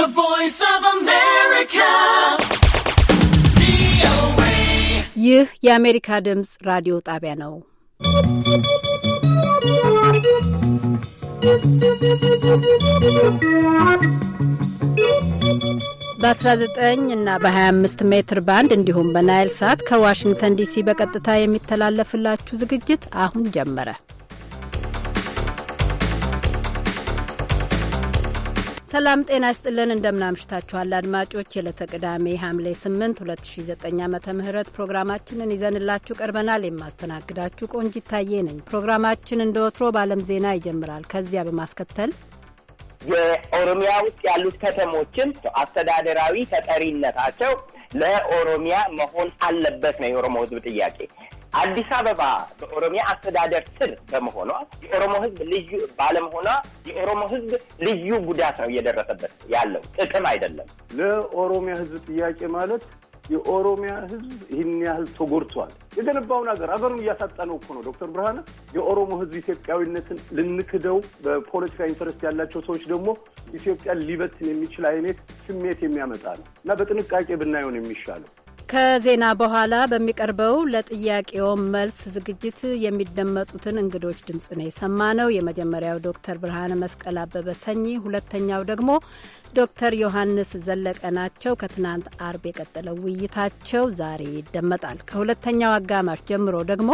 The Voice of America. ይህ የአሜሪካ ድምፅ ራዲዮ ጣቢያ ነው። በ19 እና በ25 ሜትር ባንድ እንዲሁም በናይል ሳት ከዋሽንግተን ዲሲ በቀጥታ የሚተላለፍላችሁ ዝግጅት አሁን ጀመረ። ሰላም ጤና ይስጥልን። እንደምናምሽታችኋል አድማጮች። የዕለተ ቅዳሜ ሐምሌ 8 2009 ዓ ምህረት ፕሮግራማችንን ይዘንላችሁ ቀርበናል። የማስተናግዳችሁ ቆንጂ ይታዬ ነኝ። ፕሮግራማችን እንደ ወትሮ በዓለም ዜና ይጀምራል። ከዚያ በማስከተል የኦሮሚያ ውስጥ ያሉት ከተሞችን አስተዳደራዊ ተጠሪነታቸው ለኦሮሚያ መሆን አለበት ነው የኦሮሞ ህዝብ ጥያቄ። አዲስ አበባ በኦሮሚያ አስተዳደር ስር በመሆኗ የኦሮሞ ህዝብ ልዩ ባለመሆኗ የኦሮሞ ህዝብ ልዩ ጉዳት ነው እየደረሰበት ያለው ጥቅም አይደለም። ለኦሮሚያ ህዝብ ጥያቄ ማለት የኦሮሚያ ህዝብ ይህን ያህል ተጎድቷል። የገነባውን ሀገር ሀገሩን እያሳጣ ነው እኮ ነው። ዶክተር ብርሃነ የኦሮሞ ህዝብ ኢትዮጵያዊነትን ልንክደው፣ በፖለቲካ ኢንተረስት ያላቸው ሰዎች ደግሞ ኢትዮጵያን ሊበትን የሚችል አይነት ስሜት የሚያመጣ ነው እና በጥንቃቄ ብናየውን የሚሻለው ከዜና በኋላ በሚቀርበው ለጥያቄው መልስ ዝግጅት የሚደመጡትን እንግዶች ድምፅ ነው ነው። የመጀመሪያው ዶክተር ብርሃነ መስቀል አበበ ሰኚ፣ ሁለተኛው ደግሞ ዶክተር ዮሐንስ ዘለቀ ናቸው። ከትናንት አርብ የቀጠለው ውይይታቸው ዛሬ ይደመጣል። ከሁለተኛው አጋማሽ ጀምሮ ደግሞ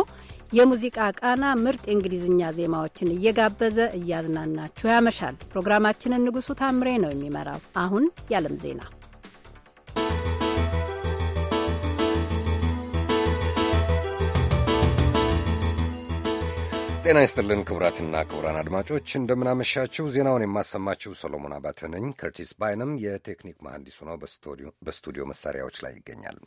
የሙዚቃ ቃና ምርጥ የእንግሊዝኛ ዜማዎችን እየጋበዘ እያዝናናችሁ ያመሻል። ፕሮግራማችንን ንጉሱ ታምሬ ነው የሚመራው። አሁን የዓለም ዜና ጤና ይስጥልን ክቡራትና ክቡራን አድማጮች እንደምናመሻችው ዜናውን የማሰማችው ሰሎሞን አባተ ነኝ። ከርቲስ ባይንም የቴክኒክ መሐንዲሱ ነው፣ በስቱዲዮ መሳሪያዎች ላይ ይገኛል።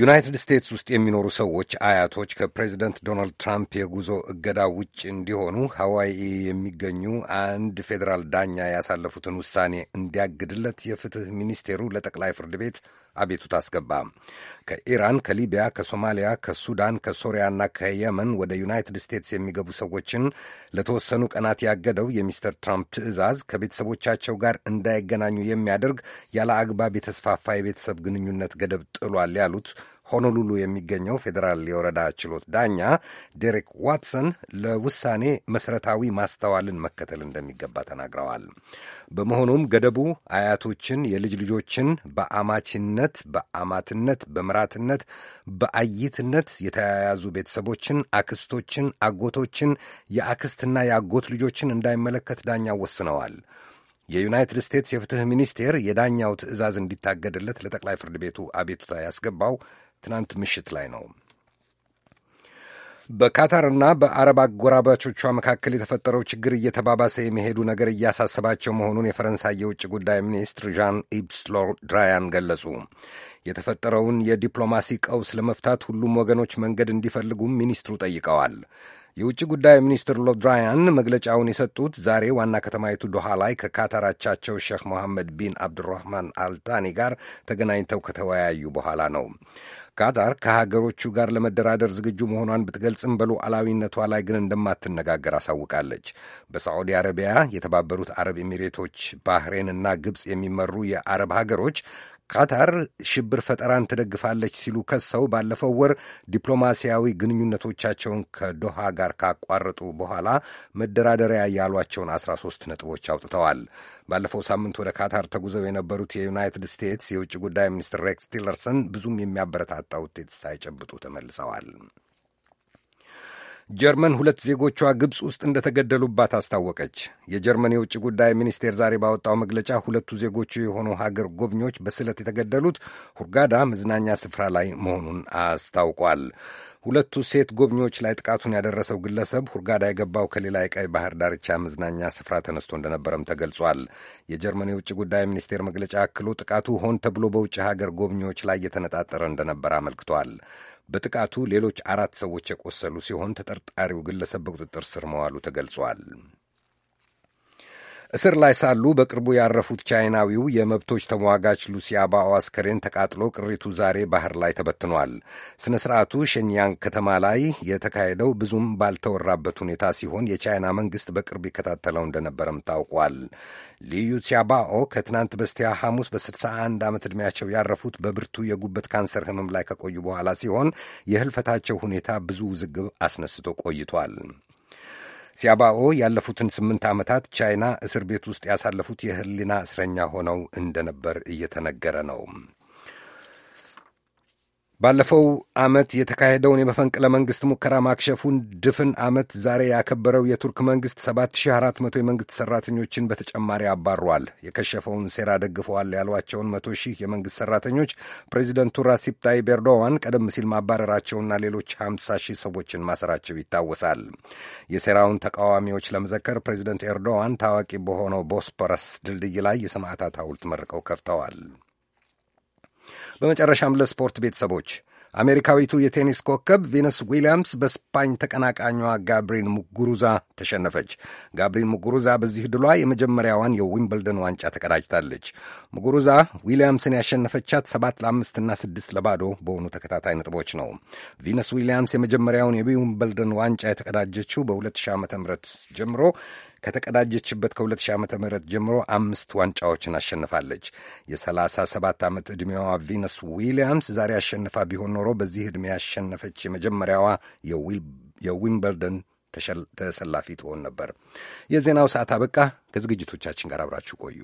ዩናይትድ ስቴትስ ውስጥ የሚኖሩ ሰዎች አያቶች ከፕሬዚደንት ዶናልድ ትራምፕ የጉዞ እገዳ ውጭ እንዲሆኑ ሐዋይ የሚገኙ አንድ ፌዴራል ዳኛ ያሳለፉትን ውሳኔ እንዲያግድለት የፍትህ ሚኒስቴሩ ለጠቅላይ ፍርድ ቤት አቤቱታ አስገባ። ከኢራን፣ ከሊቢያ፣ ከሶማሊያ፣ ከሱዳን፣ ከሶሪያና ከየመን ወደ ዩናይትድ ስቴትስ የሚገቡ ሰዎችን ለተወሰኑ ቀናት ያገደው የሚስተር ትራምፕ ትዕዛዝ ከቤተሰቦቻቸው ጋር እንዳይገናኙ የሚያደርግ ያለ አግባብ የተስፋፋ የቤተሰብ ግንኙነት ገደብ ጥሏል ያሉት ሆኖሉሉ የሚገኘው ፌዴራል የወረዳ ችሎት ዳኛ ዴሪክ ዋትሰን ለውሳኔ መሠረታዊ ማስተዋልን መከተል እንደሚገባ ተናግረዋል። በመሆኑም ገደቡ አያቶችን፣ የልጅ ልጆችን በአማችነት፣ በአማትነት፣ በምራትነት፣ በአይትነት የተያያዙ ቤተሰቦችን፣ አክስቶችን፣ አጎቶችን፣ የአክስትና የአጎት ልጆችን እንዳይመለከት ዳኛው ወስነዋል። የዩናይትድ ስቴትስ የፍትህ ሚኒስቴር የዳኛው ትዕዛዝ እንዲታገድለት ለጠቅላይ ፍርድ ቤቱ አቤቱታ ያስገባው ትናንት ምሽት ላይ ነው። በካታርና በአረብ አጎራባቾቿ መካከል የተፈጠረው ችግር እየተባባሰ የመሄዱ ነገር እያሳሰባቸው መሆኑን የፈረንሳይ የውጭ ጉዳይ ሚኒስትር ዣን ኢብስ ሎድራያን ገለጹ። የተፈጠረውን የዲፕሎማሲ ቀውስ ለመፍታት ሁሉም ወገኖች መንገድ እንዲፈልጉም ሚኒስትሩ ጠይቀዋል። የውጭ ጉዳይ ሚኒስትር ሎድራያን መግለጫውን የሰጡት ዛሬ ዋና ከተማይቱ ዶሃ ላይ ከካታራቻቸው አቻቸው ሼክ ሞሐመድ ቢን አብዱራህማን አልታኒ ጋር ተገናኝተው ከተወያዩ በኋላ ነው። ካታር ከሀገሮቹ ጋር ለመደራደር ዝግጁ መሆኗን ብትገልጽም በሉዓላዊነቷ ላይ ግን እንደማትነጋገር አሳውቃለች። በሳዑዲ አረቢያ፣ የተባበሩት አረብ ኤሚሬቶች፣ ባህሬንና ግብፅ የሚመሩ የአረብ ሀገሮች ቃታር ሽብር ፈጠራን ትደግፋለች ሲሉ ከሰው ባለፈው ወር ዲፕሎማሲያዊ ግንኙነቶቻቸውን ከዶሃ ጋር ካቋረጡ በኋላ መደራደሪያ ያሏቸውን 13 ነጥቦች አውጥተዋል። ባለፈው ሳምንት ወደ ካታር ተጉዘው የነበሩት የዩናይትድ ስቴትስ የውጭ ጉዳይ ሚኒስትር ሬክስ ቲለርሰን ብዙም የሚያበረታታ ውጤት ሳይጨብጡ ተመልሰዋል። ጀርመን ሁለት ዜጎቿ ግብፅ ውስጥ እንደተገደሉባት አስታወቀች። የጀርመን የውጭ ጉዳይ ሚኒስቴር ዛሬ ባወጣው መግለጫ ሁለቱ ዜጎቹ የሆኑ ሀገር ጎብኚዎች በስለት የተገደሉት ሁርጋዳ መዝናኛ ስፍራ ላይ መሆኑን አስታውቋል። ሁለቱ ሴት ጎብኚዎች ላይ ጥቃቱን ያደረሰው ግለሰብ ሁርጋዳ የገባው ከሌላ የቀይ ባህር ዳርቻ መዝናኛ ስፍራ ተነስቶ እንደነበረም ተገልጿል። የጀርመን የውጭ ጉዳይ ሚኒስቴር መግለጫ አክሎ ጥቃቱ ሆን ተብሎ በውጭ ሀገር ጎብኚዎች ላይ የተነጣጠረ እንደነበር አመልክቷል። በጥቃቱ ሌሎች አራት ሰዎች የቆሰሉ ሲሆን ተጠርጣሪው ግለሰብ በቁጥጥር ስር መዋሉ ተገልጿል። እስር ላይ ሳሉ በቅርቡ ያረፉት ቻይናዊው የመብቶች ተሟጋች ሉሲያባኦ አስከሬን ተቃጥሎ ቅሪቱ ዛሬ ባህር ላይ ተበትኗል። ሥነ ሥርዓቱ ሸንያንግ ከተማ ላይ የተካሄደው ብዙም ባልተወራበት ሁኔታ ሲሆን የቻይና መንግሥት በቅርብ ይከታተለው እንደነበረም ታውቋል። ልዩ ሲያባኦ ከትናንት በስቲያ ሐሙስ በ61 ዓመት ዕድሜያቸው ያረፉት በብርቱ የጉበት ካንሰር ህመም ላይ ከቆዩ በኋላ ሲሆን የህልፈታቸው ሁኔታ ብዙ ውዝግብ አስነስቶ ቆይቷል። ሲያባኦ ያለፉትን ስምንት ዓመታት ቻይና እስር ቤት ውስጥ ያሳለፉት የህሊና እስረኛ ሆነው እንደነበር እየተነገረ ነው። ባለፈው ዓመት የተካሄደውን የመፈንቅለ መንግሥት ሙከራ ማክሸፉን ድፍን ዓመት ዛሬ ያከበረው የቱርክ መንግሥት 7400 የመንግሥት ሠራተኞችን በተጨማሪ አባሯል። የከሸፈውን ሴራ ደግፈዋል ያሏቸውን መቶ ሺህ የመንግሥት ሠራተኞች ፕሬዚደንቱ ራሲፕ ታይብ ኤርዶዋን ቀደም ሲል ማባረራቸውና ሌሎች 50 ሺህ ሰዎችን ማሰራቸው ይታወሳል። የሴራውን ተቃዋሚዎች ለመዘከር ፕሬዚደንት ኤርዶዋን ታዋቂ በሆነው ቦስፖረስ ድልድይ ላይ የሰማዕታት ሐውልት መርቀው ከፍተዋል። በመጨረሻም ለስፖርት ቤተሰቦች አሜሪካዊቱ የቴኒስ ኮከብ ቬነስ ዊሊያምስ በስፓኝ ተቀናቃኟ ጋብሪን ሙጉሩዛ ተሸነፈች። ጋብሪን ሙጉሩዛ በዚህ ድሏ የመጀመሪያዋን የዊምብልደን ዋንጫ ተቀዳጅታለች። ሙጉሩዛ ዊሊያምስን ያሸነፈቻት ሰባት ለአምስትና ስድስት ለባዶ በሆኑ ተከታታይ ነጥቦች ነው። ቬነስ ዊሊያምስ የመጀመሪያውን የዊምብልደን ዋንጫ የተቀዳጀችው በ2000 ዓ ም ጀምሮ ከተቀዳጀችበት ከ2000 ዓ ም ጀምሮ አምስት ዋንጫዎችን አሸንፋለች። የ37 ዓመት ዕድሜዋ ቪነስ ዊሊያምስ ዛሬ አሸንፋ ቢሆን ኖሮ በዚህ ዕድሜ ያሸነፈች የመጀመሪያዋ የዊምበልደን ተሰላፊ ትሆን ነበር። የዜናው ሰዓት አበቃ። ከዝግጅቶቻችን ጋር አብራችሁ ቆዩ።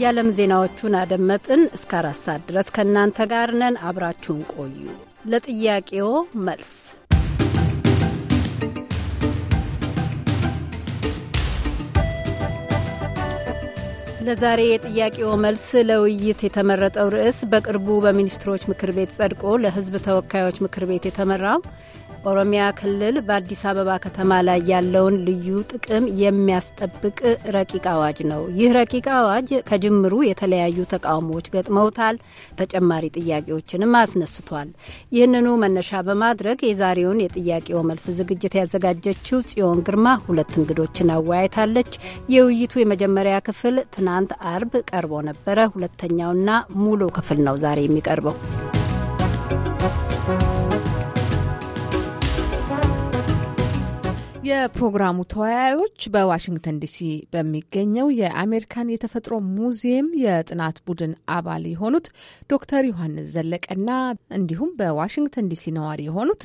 የዓለም ዜናዎቹን አደመጥን። እስከ አራት ሰዓት ድረስ ከእናንተ ጋር ነን። አብራችሁን ቆዩ። ለጥያቄዎ መልስ ለዛሬ የጥያቄው መልስ ለውይይት የተመረጠው ርዕስ በቅርቡ በሚኒስትሮች ምክር ቤት ጸድቆ ለሕዝብ ተወካዮች ምክር ቤት የተመራው ኦሮሚያ ክልል በአዲስ አበባ ከተማ ላይ ያለውን ልዩ ጥቅም የሚያስጠብቅ ረቂቅ አዋጅ ነው። ይህ ረቂቅ አዋጅ ከጅምሩ የተለያዩ ተቃውሞዎች ገጥመውታል። ተጨማሪ ጥያቄዎችንም አስነስቷል። ይህንኑ መነሻ በማድረግ የዛሬውን የጥያቄው መልስ ዝግጅት ያዘጋጀችው ጽዮን ግርማ ሁለት እንግዶችን አወያይታለች። የውይይቱ የመጀመሪያ ክፍል ትናንት አርብ ቀርቦ ነበረ። ሁለተኛውና ሙሉ ክፍል ነው ዛሬ የሚቀርበው። የፕሮግራሙ ተወያዮች በዋሽንግተን ዲሲ በሚገኘው የአሜሪካን የተፈጥሮ ሙዚየም የጥናት ቡድን አባል የሆኑት ዶክተር ዮሐንስ ዘለቀና እንዲሁም በዋሽንግተን ዲሲ ነዋሪ የሆኑት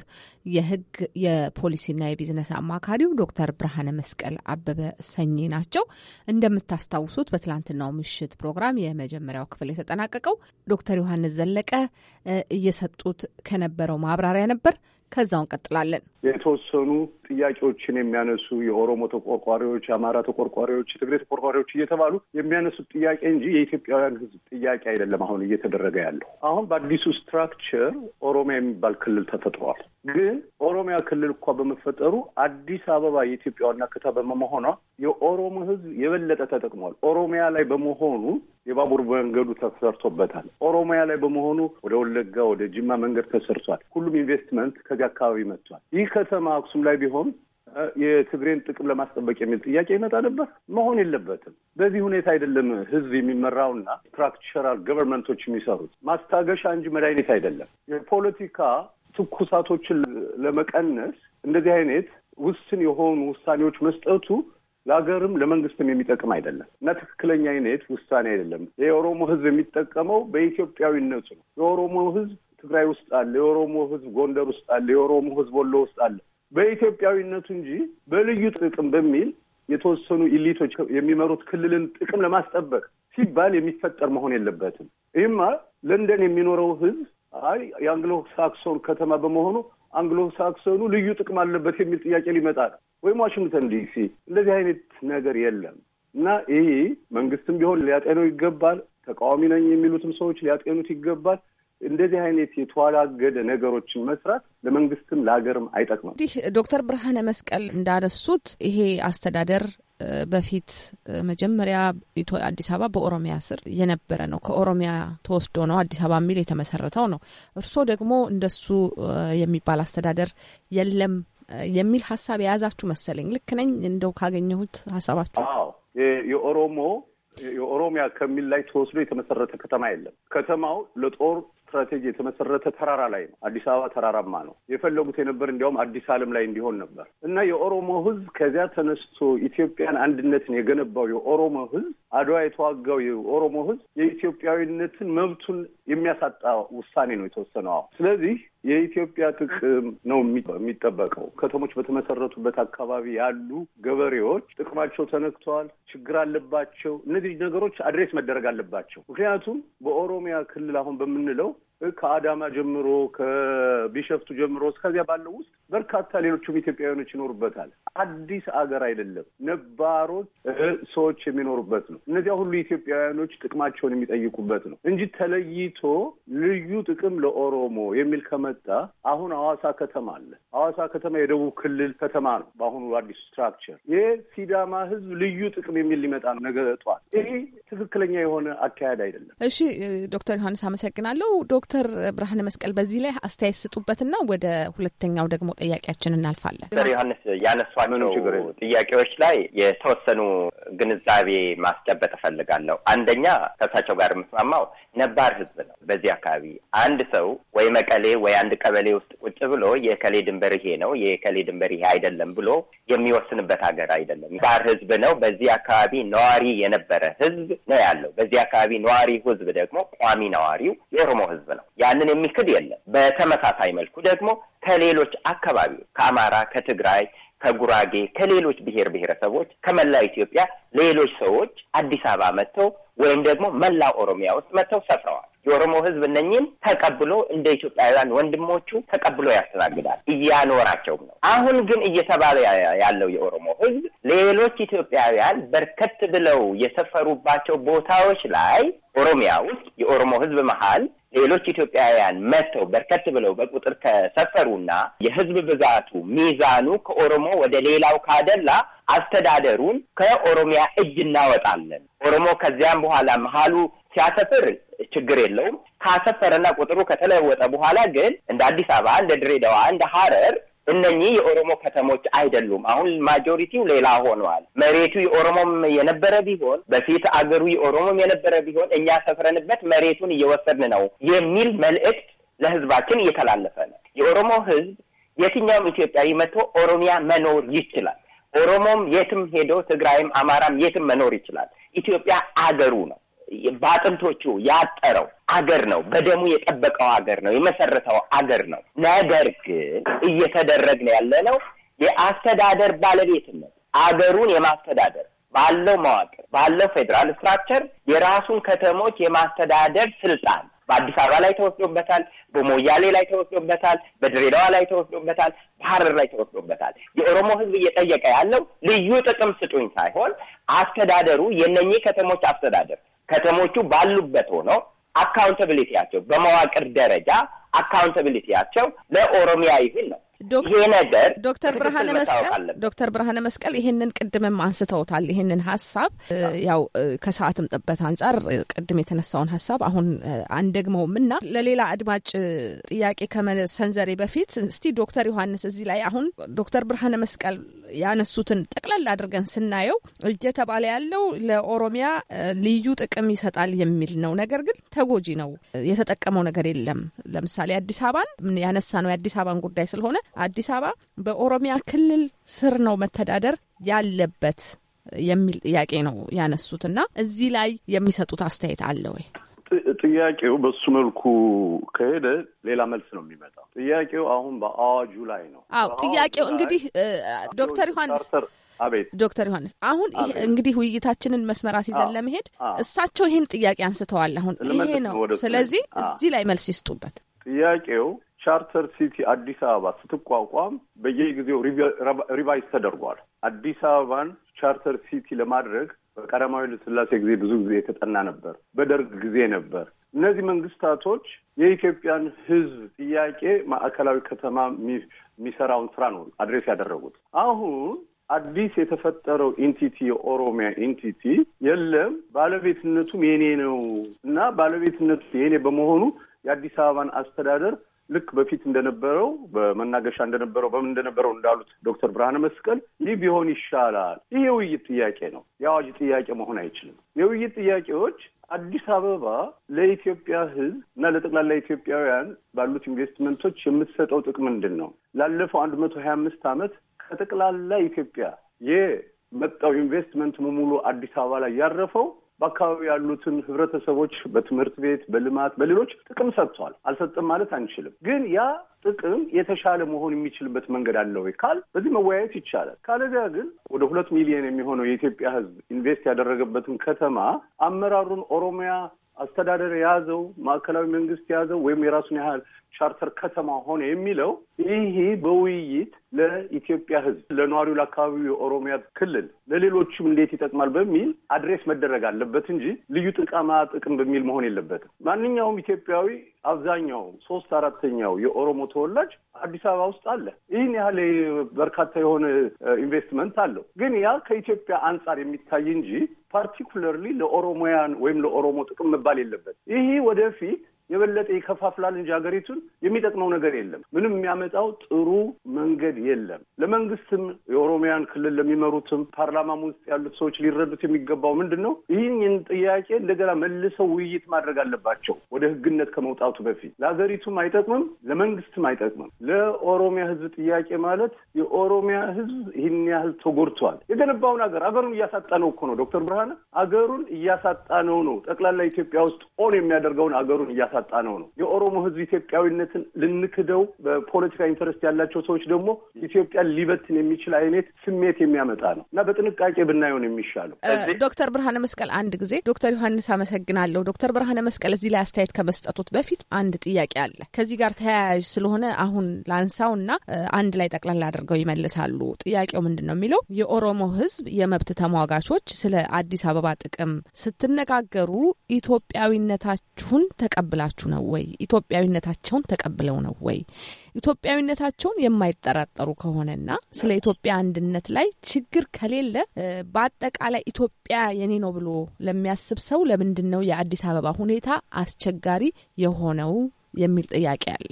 የሕግ የፖሊሲና የቢዝነስ አማካሪው ዶክተር ብርሃነ መስቀል አበበ ሰኚ ናቸው። እንደምታስታውሱት በትላንትናው ምሽት ፕሮግራም የመጀመሪያው ክፍል የተጠናቀቀው ዶክተር ዮሐንስ ዘለቀ እየሰጡት ከነበረው ማብራሪያ ነበር። ከዛው እንቀጥላለን። የተወሰኑ ጥያቄዎችን የሚያነሱ የኦሮሞ ተቆርቋሪዎች፣ የአማራ ተቆርቋሪዎች፣ የትግሬ ተቆርቋሪዎች እየተባሉ የሚያነሱት ጥያቄ እንጂ የኢትዮጵያውያን ሕዝብ ጥያቄ አይደለም። አሁን እየተደረገ ያለው አሁን በአዲሱ ስትራክቸር ኦሮሚያ የሚባል ክልል ተፈጥሯል። ግን ኦሮሚያ ክልል እኳ በመፈጠሩ አዲስ አበባ የኢትዮጵያ ዋና ከተማ በመሆኗ የኦሮሞ ሕዝብ የበለጠ ተጠቅሟል። ኦሮሚያ ላይ በመሆኑ የባቡር መንገዱ ተሰርቶበታል። ኦሮሚያ ላይ በመሆኑ ወደ ወለጋ፣ ወደ ጅማ መንገድ ተሰርቷል። ሁሉም ኢንቨስትመንት ከዚህ አካባቢ መጥቷል። ይህ ከተማ አክሱም ላይ ቢሆን የትግሬን ጥቅም ለማስጠበቅ የሚል ጥያቄ ይመጣ ነበር። መሆን የለበትም። በዚህ ሁኔታ አይደለም ህዝብ የሚመራውና ስትራክቸራል ገቨርንመንቶች የሚሰሩት። ማስታገሻ እንጂ መድኃኒት አይደለም። የፖለቲካ ትኩሳቶችን ለመቀነስ እንደዚህ አይነት ውስን የሆኑ ውሳኔዎች መስጠቱ ለሀገርም ለመንግስትም የሚጠቅም አይደለም እና ትክክለኛ አይነት ውሳኔ አይደለም። የኦሮሞ ህዝብ የሚጠቀመው በኢትዮጵያዊነቱ ነው። የኦሮሞ ህዝብ ትግራይ ውስጥ አለ፣ የኦሮሞ ህዝብ ጎንደር ውስጥ አለ፣ የኦሮሞ ህዝብ ወሎ ውስጥ አለ። በኢትዮጵያዊነቱ እንጂ በልዩ ጥቅም በሚል የተወሰኑ ኢሊቶች የሚመሩት ክልልን ጥቅም ለማስጠበቅ ሲባል የሚፈጠር መሆን የለበትም። ይህማ ለንደን የሚኖረው ህዝብ አይ የአንግሎ ሳክሶን ከተማ በመሆኑ አንግሎ ሳክሶኑ ልዩ ጥቅም አለበት የሚል ጥያቄ ሊመጣል ወይም ዋሽንግተን ዲሲ እንደዚህ አይነት ነገር የለም እና ይሄ መንግስትም ቢሆን ሊያጤነው ይገባል። ተቃዋሚ ነኝ የሚሉትም ሰዎች ሊያጤኑት ይገባል። እንደዚህ አይነት የተዋጋገደ ነገሮችን መስራት ለመንግስትም ለሀገርም አይጠቅምም። ይህ ዶክተር ብርሃነ መስቀል እንዳነሱት ይሄ አስተዳደር በፊት መጀመሪያ አዲስ አበባ በኦሮሚያ ስር የነበረ ነው። ከኦሮሚያ ተወስዶ ነው አዲስ አበባ የሚል የተመሰረተው ነው። እርስዎ ደግሞ እንደሱ የሚባል አስተዳደር የለም የሚል ሀሳብ የያዛችሁ መሰለኝ። ልክ ነኝ? እንደው ካገኘሁት ሀሳባችሁ። የኦሮሞ የኦሮሚያ ከሚል ላይ ተወስዶ የተመሰረተ ከተማ የለም። ከተማው ለጦር ስትራቴጂ የተመሰረተ ተራራ ላይ ነው። አዲስ አበባ ተራራማ ነው። የፈለጉት የነበር እንዲያውም አዲስ ዓለም ላይ እንዲሆን ነበር እና የኦሮሞ ህዝብ ከዚያ ተነስቶ ኢትዮጵያን አንድነትን የገነባው የኦሮሞ ህዝብ አድዋ የተዋጋው የኦሮሞ ህዝብ የኢትዮጵያዊነትን መብቱን የሚያሳጣ ውሳኔ ነው የተወሰነው። ስለዚህ የኢትዮጵያ ጥቅም ነው የሚጠበቀው። ከተሞች በተመሰረቱበት አካባቢ ያሉ ገበሬዎች ጥቅማቸው ተነክተዋል፣ ችግር አለባቸው። እነዚህ ነገሮች አድሬስ መደረግ አለባቸው። ምክንያቱም በኦሮሚያ ክልል አሁን በምንለው ከአዳማ ጀምሮ ከቢሸፍቱ ጀምሮ እስከዚያ ባለው ውስጥ በርካታ ሌሎቹም ኢትዮጵያውያኖች ይኖሩበታል። አዲስ አገር አይደለም፣ ነባሮች ሰዎች የሚኖሩበት ነው። እነዚያ ሁሉ ኢትዮጵያውያኖች ጥቅማቸውን የሚጠይቁበት ነው እንጂ ተለይቶ ልዩ ጥቅም ለኦሮሞ የሚል ከመጣ አሁን አዋሳ ከተማ አለ። አዋሳ ከተማ የደቡብ ክልል ከተማ ነው በአሁኑ አዲሱ ስትራክቸር። የሲዳማ ህዝብ ልዩ ጥቅም የሚል ሊመጣ ነው ነገ ጠዋት። ይህ ትክክለኛ የሆነ አካሄድ አይደለም። እሺ ዶክተር ዮሐንስ አመሰግናለሁ። ዶክተር ብርሃነ መስቀል በዚህ ላይ አስተያየት ስጡበትና ወደ ሁለተኛው ደግሞ ጥያቄያችን እናልፋለን። ዶክተር ዮሐንስ ያነሷቸው ጥያቄዎች ላይ የተወሰኑ ግንዛቤ ማስጨበጥ እፈልጋለሁ። አንደኛ ከእሳቸው ጋር የምስማማው ነባር ህዝብ ነው። በዚህ አካባቢ አንድ ሰው ወይ መቀሌ ወይ አንድ ቀበሌ ውስጥ ቁጭ ብሎ የከሌ ድንበር ይሄ ነው የከሌ ድንበር ይሄ አይደለም ብሎ የሚወስንበት ሀገር አይደለም። ባር ህዝብ ነው። በዚህ አካባቢ ነዋሪ የነበረ ህዝብ ነው ያለው። በዚህ አካባቢ ነዋሪ ህዝብ ደግሞ ቋሚ ነዋሪው የኦሮሞ ህዝብ ነው። ያንን የሚክድ የለም። በተመሳሳይ መልኩ ደግሞ ከሌሎች አካባቢዎች ከአማራ፣ ከትግራይ፣ ከጉራጌ፣ ከሌሎች ብሔር ብሔረሰቦች ከመላ ኢትዮጵያ ሌሎች ሰዎች አዲስ አበባ መጥተው ወይም ደግሞ መላ ኦሮሚያ ውስጥ መጥተው ሰፍረዋል። የኦሮሞ ህዝብ እነኝን ተቀብሎ እንደ ኢትዮጵያውያን ወንድሞቹ ተቀብሎ ያስተናግዳል እያኖራቸውም ነው። አሁን ግን እየተባለ ያለው የኦሮሞ ህዝብ ሌሎች ኢትዮጵያውያን በርከት ብለው የሰፈሩባቸው ቦታዎች ላይ ኦሮሚያ ውስጥ የኦሮሞ ህዝብ መሀል ሌሎች ኢትዮጵያውያን መጥተው በርከት ብለው በቁጥር ከሰፈሩና የህዝብ ብዛቱ ሚዛኑ ከኦሮሞ ወደ ሌላው ካደላ አስተዳደሩን ከኦሮሚያ እጅ እናወጣለን። ኦሮሞ ከዚያም በኋላ መሀሉ ሲያሰፍር ችግር የለውም። ካሰፈረና ቁጥሩ ከተለወጠ በኋላ ግን እንደ አዲስ አበባ፣ እንደ ድሬዳዋ፣ እንደ ሀረር እነኚህ የኦሮሞ ከተሞች አይደሉም። አሁን ማጆሪቲው ሌላ ሆነዋል። መሬቱ የኦሮሞም የነበረ ቢሆን በፊት አገሩ የኦሮሞም የነበረ ቢሆን እኛ ሰፍረንበት መሬቱን እየወሰድን ነው የሚል መልእክት ለህዝባችን እየተላለፈ ነው። የኦሮሞ ህዝብ የትኛውም ኢትዮጵያዊ መጥቶ ኦሮሚያ መኖር ይችላል። ኦሮሞም የትም ሄዶ ትግራይም፣ አማራም የትም መኖር ይችላል። ኢትዮጵያ አገሩ ነው። በአጥንቶቹ ያጠረው አገር ነው። በደሙ የጠበቀው አገር ነው። የመሰረተው አገር ነው። ነገር ግን እየተደረግን ያለ ነው የአስተዳደር ባለቤትነት አገሩን የማስተዳደር ባለው መዋቅር ባለው ፌዴራል ስትራክቸር የራሱን ከተሞች የማስተዳደር ስልጣን በአዲስ አበባ ላይ ተወስዶበታል። በሞያሌ ላይ ተወስዶበታል። በድሬዳዋ ላይ ተወስዶበታል። በሀረር ላይ ተወስዶበታል። የኦሮሞ ሕዝብ እየጠየቀ ያለው ልዩ ጥቅም ስጡኝ ሳይሆን አስተዳደሩ የነኚህ ከተሞች አስተዳደር ከተሞቹ ባሉበት ሆነው አካውንታብሊቲያቸው በመዋቅር ደረጃ አካውንታብሊቲያቸው ለኦሮሚያ ይሁን ነው ይሄ ነገር ዶክተር ብርሃነ መስቀል ዶክተር ብርሃነ መስቀል ይሄንን ቅድምም አንስተውታል። ይሄንን ሀሳብ ያው ከሰዓትም ጥበት አንጻር ቅድም የተነሳውን ሀሳብ አሁን አንደግመውም እና ለሌላ አድማጭ ጥያቄ ከመሰንዘሬ በፊት እስቲ ዶክተር ዮሐንስ እዚህ ላይ አሁን ዶክተር ብርሃነ መስቀል ያነሱትን ጠቅለል አድርገን ስናየው እየተባለ ያለው ለኦሮሚያ ልዩ ጥቅም ይሰጣል የሚል ነው። ነገር ግን ተጎጂ ነው፣ የተጠቀመው ነገር የለም። ለምሳሌ አዲስ አበባን ያነሳ ነው የአዲስ አበባን ጉዳይ ስለሆነ አዲስ አበባ በኦሮሚያ ክልል ስር ነው መተዳደር ያለበት የሚል ጥያቄ ነው ያነሱት እና እዚህ ላይ የሚሰጡት አስተያየት አለ ወይ? ጥያቄው በሱ መልኩ ከሄደ ሌላ መልስ ነው የሚመጣው። ጥያቄው አሁን በአዋጁ ላይ ነው። አዎ ጥያቄው እንግዲህ ዶክተር ዮሐንስ አቤት ዶክተር ዮሐንስ አሁን እንግዲህ ውይይታችንን መስመር አስይዘን ለመሄድ እሳቸው ይህን ጥያቄ አንስተዋል። አሁን ይሄ ነው። ስለዚህ እዚህ ላይ መልስ ይስጡበት። ጥያቄው ቻርተር ሲቲ አዲስ አበባ ስትቋቋም በየጊዜው ሪቫይዝ ተደርጓል። አዲስ አበባን ቻርተር ሲቲ ለማድረግ በቀዳማዊ ኃይለ ሥላሴ ጊዜ ብዙ ጊዜ የተጠና ነበር፣ በደርግ ጊዜ ነበር። እነዚህ መንግስታቶች የኢትዮጵያን ሕዝብ ጥያቄ ማዕከላዊ ከተማ የሚሰራውን ስራ ነው አድሬስ ያደረጉት። አሁን አዲስ የተፈጠረው ኢንቲቲ የኦሮሚያ ኢንቲቲ የለም፣ ባለቤትነቱም የኔ ነው እና ባለቤትነቱ የኔ በመሆኑ የአዲስ አበባን አስተዳደር ልክ በፊት እንደነበረው በመናገሻ እንደነበረው በምን እንደነበረው እንዳሉት ዶክተር ብርሃነ መስቀል ይህ ቢሆን ይሻላል። ይህ የውይይት ጥያቄ ነው፣ የአዋጅ ጥያቄ መሆን አይችልም። የውይይት ጥያቄዎች አዲስ አበባ ለኢትዮጵያ ሕዝብ እና ለጠቅላላ ኢትዮጵያውያን ባሉት ኢንቨስትመንቶች የምትሰጠው ጥቅም ምንድን ነው? ላለፈው አንድ መቶ ሀያ አምስት ዓመት ከጠቅላላ ኢትዮጵያ የመጣው ኢንቨስትመንት በሙሉ አዲስ አበባ ላይ ያረፈው በአካባቢው ያሉትን ህብረተሰቦች በትምህርት ቤት፣ በልማት፣ በሌሎች ጥቅም ሰጥቷል። አልሰጥም ማለት አንችልም። ግን ያ ጥቅም የተሻለ መሆን የሚችልበት መንገድ አለ ወይ ካል በዚህ መወያየት ይቻላል። ካለዚያ ግን ወደ ሁለት ሚሊዮን የሚሆነው የኢትዮጵያ ህዝብ ኢንቨስት ያደረገበትን ከተማ አመራሩን ኦሮሚያ አስተዳደር የያዘው ማዕከላዊ መንግስት የያዘው ወይም የራሱን ያህል ቻርተር ከተማ ሆነ የሚለው ይሄ በውይይት ለኢትዮጵያ ሕዝብ ለነዋሪው፣ ለአካባቢው የኦሮሚያ ክልል ለሌሎችም እንዴት ይጠቅማል በሚል አድሬስ መደረግ አለበት እንጂ ልዩ ጥቅማ ጥቅም በሚል መሆን የለበትም። ማንኛውም ኢትዮጵያዊ አብዛኛው ሶስት አራተኛው የኦሮሞ ተወላጅ አዲስ አበባ ውስጥ አለ። ይህን ያህል በርካታ የሆነ ኢንቨስትመንት አለው። ግን ያ ከኢትዮጵያ አንጻር የሚታይ እንጂ ፓርቲኩለርሊ ለኦሮሞያን ወይም ለኦሮሞ ጥቅም መባል የለበት። ይሄ ወደፊት የበለጠ ይከፋፍላል እንጂ ሀገሪቱን የሚጠቅመው ነገር የለም። ምንም የሚያመጣው ጥሩ መንገድ የለም። ለመንግስትም የኦሮሚያን ክልል ለሚመሩትም ፓርላማም ውስጥ ያሉት ሰዎች ሊረዱት የሚገባው ምንድን ነው? ይህን ጥያቄ እንደገና መልሰው ውይይት ማድረግ አለባቸው። ወደ ህግነት ከመውጣቱ በፊት ለሀገሪቱም አይጠቅምም፣ ለመንግስትም አይጠቅምም። ለኦሮሚያ ህዝብ ጥያቄ ማለት የኦሮሚያ ህዝብ ይህን ያህል ተጎድቷል። የገነባውን ሀገር አገሩን እያሳጣ ነው እኮ ነው ዶክተር ብርሃነ አገሩን እያሳጣ ነው ነው ጠቅላላ ኢትዮጵያ ውስጥ ኦን የሚያደርገውን አገሩን እያሳ እያሳጣ ነው ነው የኦሮሞ ህዝብ ኢትዮጵያዊነትን ልንክደው በፖለቲካ ኢንተረስት ያላቸው ሰዎች ደግሞ ኢትዮጵያን ሊበትን የሚችል አይነት ስሜት የሚያመጣ ነው እና በጥንቃቄ ብናየውን የሚሻለው። ዶክተር ብርሃነ መስቀል አንድ ጊዜ ዶክተር ዮሐንስ አመሰግናለሁ። ዶክተር ብርሃነ መስቀል እዚህ ላይ አስተያየት ከመስጠቱት በፊት አንድ ጥያቄ አለ ከዚህ ጋር ተያያዥ ስለሆነ አሁን ላንሳው እና አንድ ላይ ጠቅላላ አድርገው ይመልሳሉ። ጥያቄው ምንድን ነው የሚለው የኦሮሞ ህዝብ የመብት ተሟጋቾች ስለ አዲስ አበባ ጥቅም ስትነጋገሩ ኢትዮጵያዊነታችሁን ተቀብላ ብላችሁ ነው ወይ? ኢትዮጵያዊነታቸውን ተቀብለው ነው ወይ? ኢትዮጵያዊነታቸውን የማይጠራጠሩ ከሆነና ስለ ኢትዮጵያ አንድነት ላይ ችግር ከሌለ በአጠቃላይ ኢትዮጵያ የኔ ነው ብሎ ለሚያስብ ሰው ለምንድን ነው የአዲስ አበባ ሁኔታ አስቸጋሪ የሆነው የሚል ጥያቄ አለ።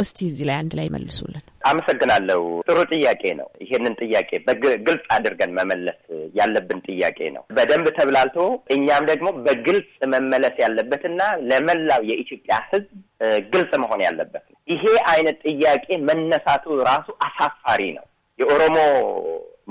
እስቲ እዚህ ላይ አንድ ላይ መልሱልን። አመሰግናለሁ። ጥሩ ጥያቄ ነው። ይሄንን ጥያቄ በግልጽ አድርገን መመለስ ያለብን ጥያቄ ነው። በደንብ ተብላልቶ እኛም ደግሞ በግልጽ መመለስ ያለበትና ለመላው የኢትዮጵያ ሕዝብ ግልጽ መሆን ያለበት ነው። ይሄ አይነት ጥያቄ መነሳቱ ራሱ አሳፋሪ ነው። የኦሮሞ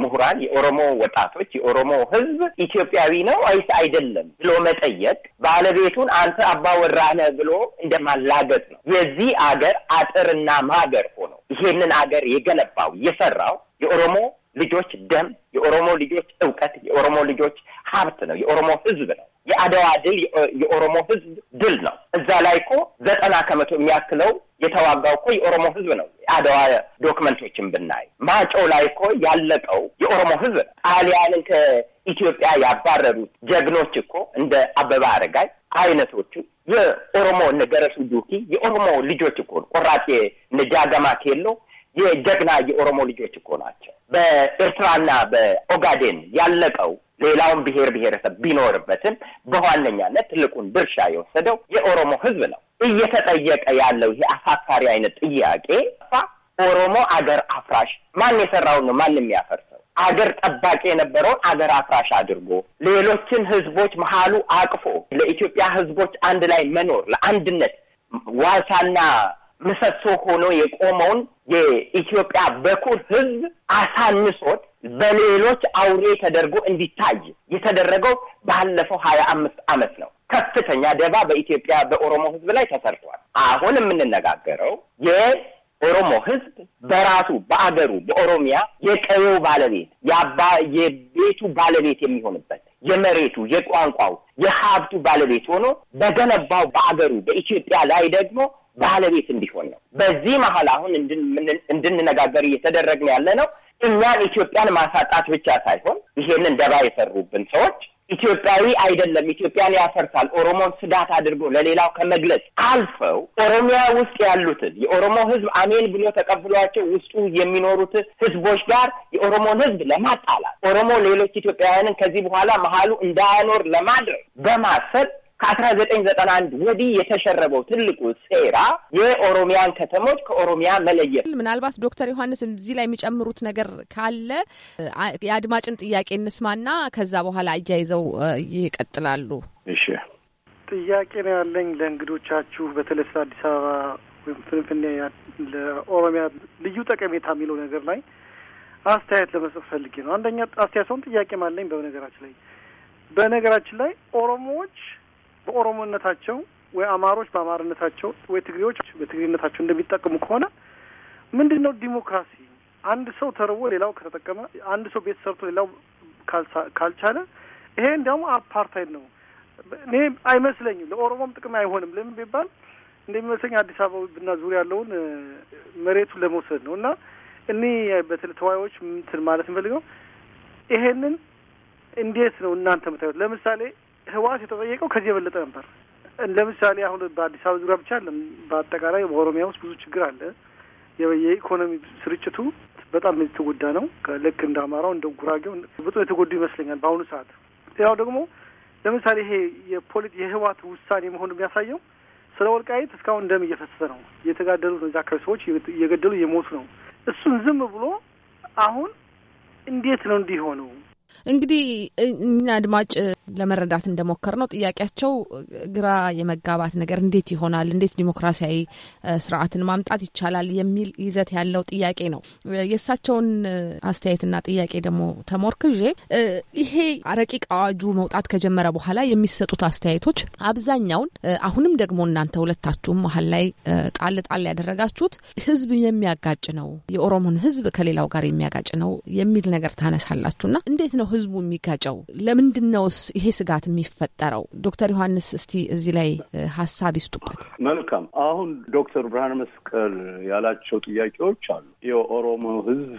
ምሁራን፣ የኦሮሞ ወጣቶች፣ የኦሮሞ ህዝብ ኢትዮጵያዊ ነው ወይስ አይደለም ብሎ መጠየቅ ባለቤቱን አንተ አባወራህ ነህ ብሎ እንደማላገጥ ነው። የዚህ አገር አጥርና ማገር ሆኖ ይሄንን አገር የገነባው የሰራው የኦሮሞ ልጆች ደም፣ የኦሮሞ ልጆች እውቀት፣ የኦሮሞ ልጆች ሀብት ነው። የኦሮሞ ህዝብ ነው። የአድዋ ድል የኦሮሞ ህዝብ ድል ነው። እዛ ላይ እኮ ዘጠና ከመቶ የሚያክለው የተዋጋው እኮ የኦሮሞ ህዝብ ነው። የአደዋ ዶክመንቶችን ብናይ ማጮ ላይ እኮ ያለቀው የኦሮሞ ህዝብ ነው። ጣሊያንን ከኢትዮጵያ ያባረሩት ጀግኖች እኮ እንደ አበባ አረጋይ አይነቶቹ የኦሮሞ እነ ገረሱ ዱኪ የኦሮሞ ልጆች እኮ ቆራጤ እነ ጃገማ ኬሎ የጀግና የኦሮሞ ልጆች እኮ ናቸው። በኤርትራና በኦጋዴን ያለቀው ሌላውን ብሔር ብሔረሰብ ቢኖርበትም በዋነኛነት ትልቁን ድርሻ የወሰደው የኦሮሞ ህዝብ ነው። እየተጠየቀ ያለው ይህ አሳሳሪ አይነት ጥያቄ ኦሮሞ አገር አፍራሽ ማን የሰራውን ነው ማን የሚያፈርሰው? አገር ጠባቂ የነበረውን አገር አፍራሽ አድርጎ ሌሎችን ህዝቦች መሀሉ አቅፎ ለኢትዮጵያ ህዝቦች አንድ ላይ መኖር ለአንድነት ዋሳና ምሰሶ ሆኖ የቆመውን የኢትዮጵያ በኩር ህዝብ አሳንሶት በሌሎች አውሬ ተደርጎ እንዲታይ የተደረገው ባለፈው ሀያ አምስት አመት ነው። ከፍተኛ ደባ በኢትዮጵያ በኦሮሞ ህዝብ ላይ ተሰርቷል። አሁን የምንነጋገረው የኦሮሞ ህዝብ በራሱ በአገሩ በኦሮሚያ የቀየው ባለቤት የአባ የቤቱ ባለቤት የሚሆንበት የመሬቱ፣ የቋንቋው፣ የሀብቱ ባለቤት ሆኖ በገነባው በአገሩ በኢትዮጵያ ላይ ደግሞ ባለቤት እንዲሆን ነው። በዚህ መሀል አሁን እንድንነጋገር እየተደረግን ያለ ነው። እኛን ኢትዮጵያን ማሳጣት ብቻ ሳይሆን ይሄንን ደባ የሰሩብን ሰዎች ኢትዮጵያዊ አይደለም፣ ኢትዮጵያን ያፈርሳል፣ ኦሮሞን ስዳት አድርጎ ለሌላው ከመግለጽ አልፈው ኦሮሚያ ውስጥ ያሉትን የኦሮሞ ሕዝብ አሜን ብሎ ተቀብሏቸው ውስጡ የሚኖሩት ሕዝቦች ጋር የኦሮሞን ሕዝብ ለማጣላት ኦሮሞ ሌሎች ኢትዮጵያውያንን ከዚህ በኋላ መሀሉ እንዳያኖር ለማድረግ በማሰብ ከአስራ ዘጠኝ ዘጠና አንድ ወዲህ የተሸረበው ትልቁ ሴራ የኦሮሚያን ከተሞች ከኦሮሚያ መለየት። ምናልባት ዶክተር ዮሐንስ እዚህ ላይ የሚጨምሩት ነገር ካለ የአድማጭን ጥያቄ እንስማና ከዛ በኋላ አያይዘው ይቀጥላሉ። እሺ፣ ጥያቄ ነው ያለኝ ለእንግዶቻችሁ በተለይ ስለ አዲስ አበባ ወይም ፍንፍኔ ለኦሮሚያ ልዩ ጠቀሜታ የሚለው ነገር ላይ አስተያየት ለመስጠት ፈልጌ ነው። አንደኛ አስተያየት ሰውን ጥያቄ ማለኝ በነገራችን ላይ በነገራችን ላይ ኦሮሞዎች በኦሮሞነታቸው ወይ አማሮች በአማርነታቸው ወይ ትግሬዎች በትግሬነታቸው እንደሚጠቅሙ ከሆነ ምንድን ነው ዲሞክራሲ? አንድ ሰው ተርቦ ሌላው ከተጠቀመ፣ አንድ ሰው ቤት ሰርቶ ሌላው ካልቻለ፣ ይሄ እንዲያውም አፓርታይድ ነው። እኔ አይመስለኝም። ለኦሮሞም ጥቅም አይሆንም። ለምን ቢባል እንደሚመስለኝ አዲስ አበባና ዙሪያ ያለውን መሬቱን ለመውሰድ ነው እና እኔ በተለይ ተዋዮች ምንትን ማለት እንፈልገው ይሄንን እንዴት ነው እናንተ ምታዩት? ለምሳሌ ህወሓት የተጠየቀው ከዚህ የበለጠ ነበር። ለምሳሌ አሁን በአዲስ አበባ ዙሪያ ብቻ አለም፣ በአጠቃላይ በኦሮሚያ ውስጥ ብዙ ችግር አለ። የኢኮኖሚ ስርጭቱ በጣም የተጎዳ ነው። ልክ እንደ አማራው እንደ ጉራጌው ብጡ የተጎዱ ይመስለኛል በአሁኑ ሰዓት። ያው ደግሞ ለምሳሌ ይሄ የፖሊት የህወሓት ውሳኔ መሆኑ የሚያሳየው ስለ ወልቃይት እስካሁን ደም እየፈሰሰ ነው። እየተጋደሉ ነው፣ አካባቢ ሰዎች እየገደሉ እየሞቱ ነው። እሱን ዝም ብሎ አሁን እንዴት ነው እንዲህ ሆነው እንግዲህ እኛ አድማጭ ለመረዳት እንደሞከር ነው ጥያቄያቸው ግራ የመጋባት ነገር እንዴት ይሆናል፣ እንዴት ዲሞክራሲያዊ ስርዓትን ማምጣት ይቻላል የሚል ይዘት ያለው ጥያቄ ነው። የእሳቸውን አስተያየትና ጥያቄ ደግሞ ተሞርክዤ ይሄ ረቂቅ አዋጁ መውጣት ከጀመረ በኋላ የሚሰጡት አስተያየቶች አብዛኛውን አሁንም ደግሞ እናንተ ሁለታችሁም መሀል ላይ ጣል ጣል ያደረጋችሁት ህዝብ የሚያጋጭ ነው፣ የኦሮሞን ህዝብ ከሌላው ጋር የሚያጋጭ ነው የሚል ነገር ታነሳላችሁና እንዴት ነው ነው ህዝቡ የሚጋጨው? ለምንድን ነውስ ይሄ ስጋት የሚፈጠረው? ዶክተር ዮሐንስ እስቲ እዚህ ላይ ሀሳብ ይስጡበት። መልካም። አሁን ዶክተር ብርሃነ መስቀል ያላቸው ጥያቄዎች አሉ። የኦሮሞ ህዝብ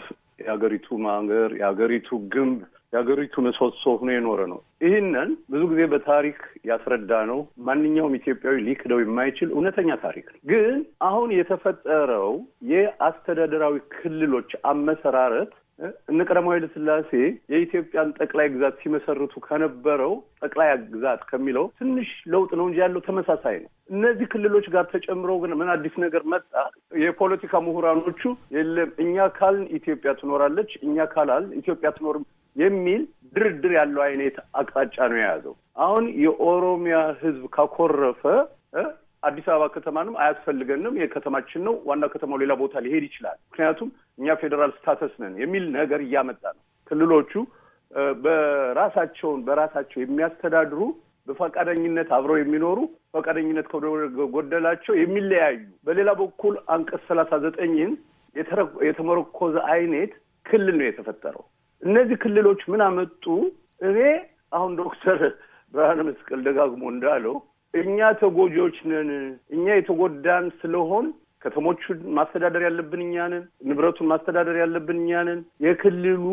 የሀገሪቱ ማገር፣ የሀገሪቱ ግንብ የሀገሪቱ ምሰሶ ሆኖ የኖረ ነው። ይህንን ብዙ ጊዜ በታሪክ ያስረዳ ነው። ማንኛውም ኢትዮጵያዊ ሊክደው የማይችል እውነተኛ ታሪክ ነው። ግን አሁን የተፈጠረው የአስተዳደራዊ ክልሎች አመሰራረት እነ ቀዳማዊ ኃይለ ሥላሴ የኢትዮጵያን ጠቅላይ ግዛት ሲመሰርቱ ከነበረው ጠቅላይ ግዛት ከሚለው ትንሽ ለውጥ ነው እንጂ ያለው ተመሳሳይ ነው። እነዚህ ክልሎች ጋር ተጨምሮ ግን ምን አዲስ ነገር መጣ? የፖለቲካ ምሁራኖቹ የለም እኛ ካልን ኢትዮጵያ ትኖራለች፣ እኛ ካላል ኢትዮጵያ ትኖርም የሚል ድርድር ያለው አይነት አቅጣጫ ነው የያዘው። አሁን የኦሮሚያ ህዝብ ካኮረፈ አዲስ አበባ ከተማንም አያስፈልገንም፣ የከተማችን ነው፣ ዋና ከተማው ሌላ ቦታ ሊሄድ ይችላል፣ ምክንያቱም እኛ ፌዴራል ስታተስ ነን የሚል ነገር እያመጣ ነው። ክልሎቹ በራሳቸውን በራሳቸው የሚያስተዳድሩ በፈቃደኝነት አብረው የሚኖሩ ፈቃደኝነት ከጎደላቸው የሚለያዩ በሌላ በኩል አንቀጽ ሰላሳ ዘጠኝን የተመረኮዘ አይነት ክልል ነው የተፈጠረው። እነዚህ ክልሎች ምን አመጡ? እኔ አሁን ዶክተር ብርሃነ መስቀል ደጋግሞ እንዳለው እኛ ተጎጂዎች ነን። እኛ የተጎዳን ስለሆን ከተሞቹን ማስተዳደር ያለብን እኛ ነን። ንብረቱን ማስተዳደር ያለብን እኛ ነን። የክልሉ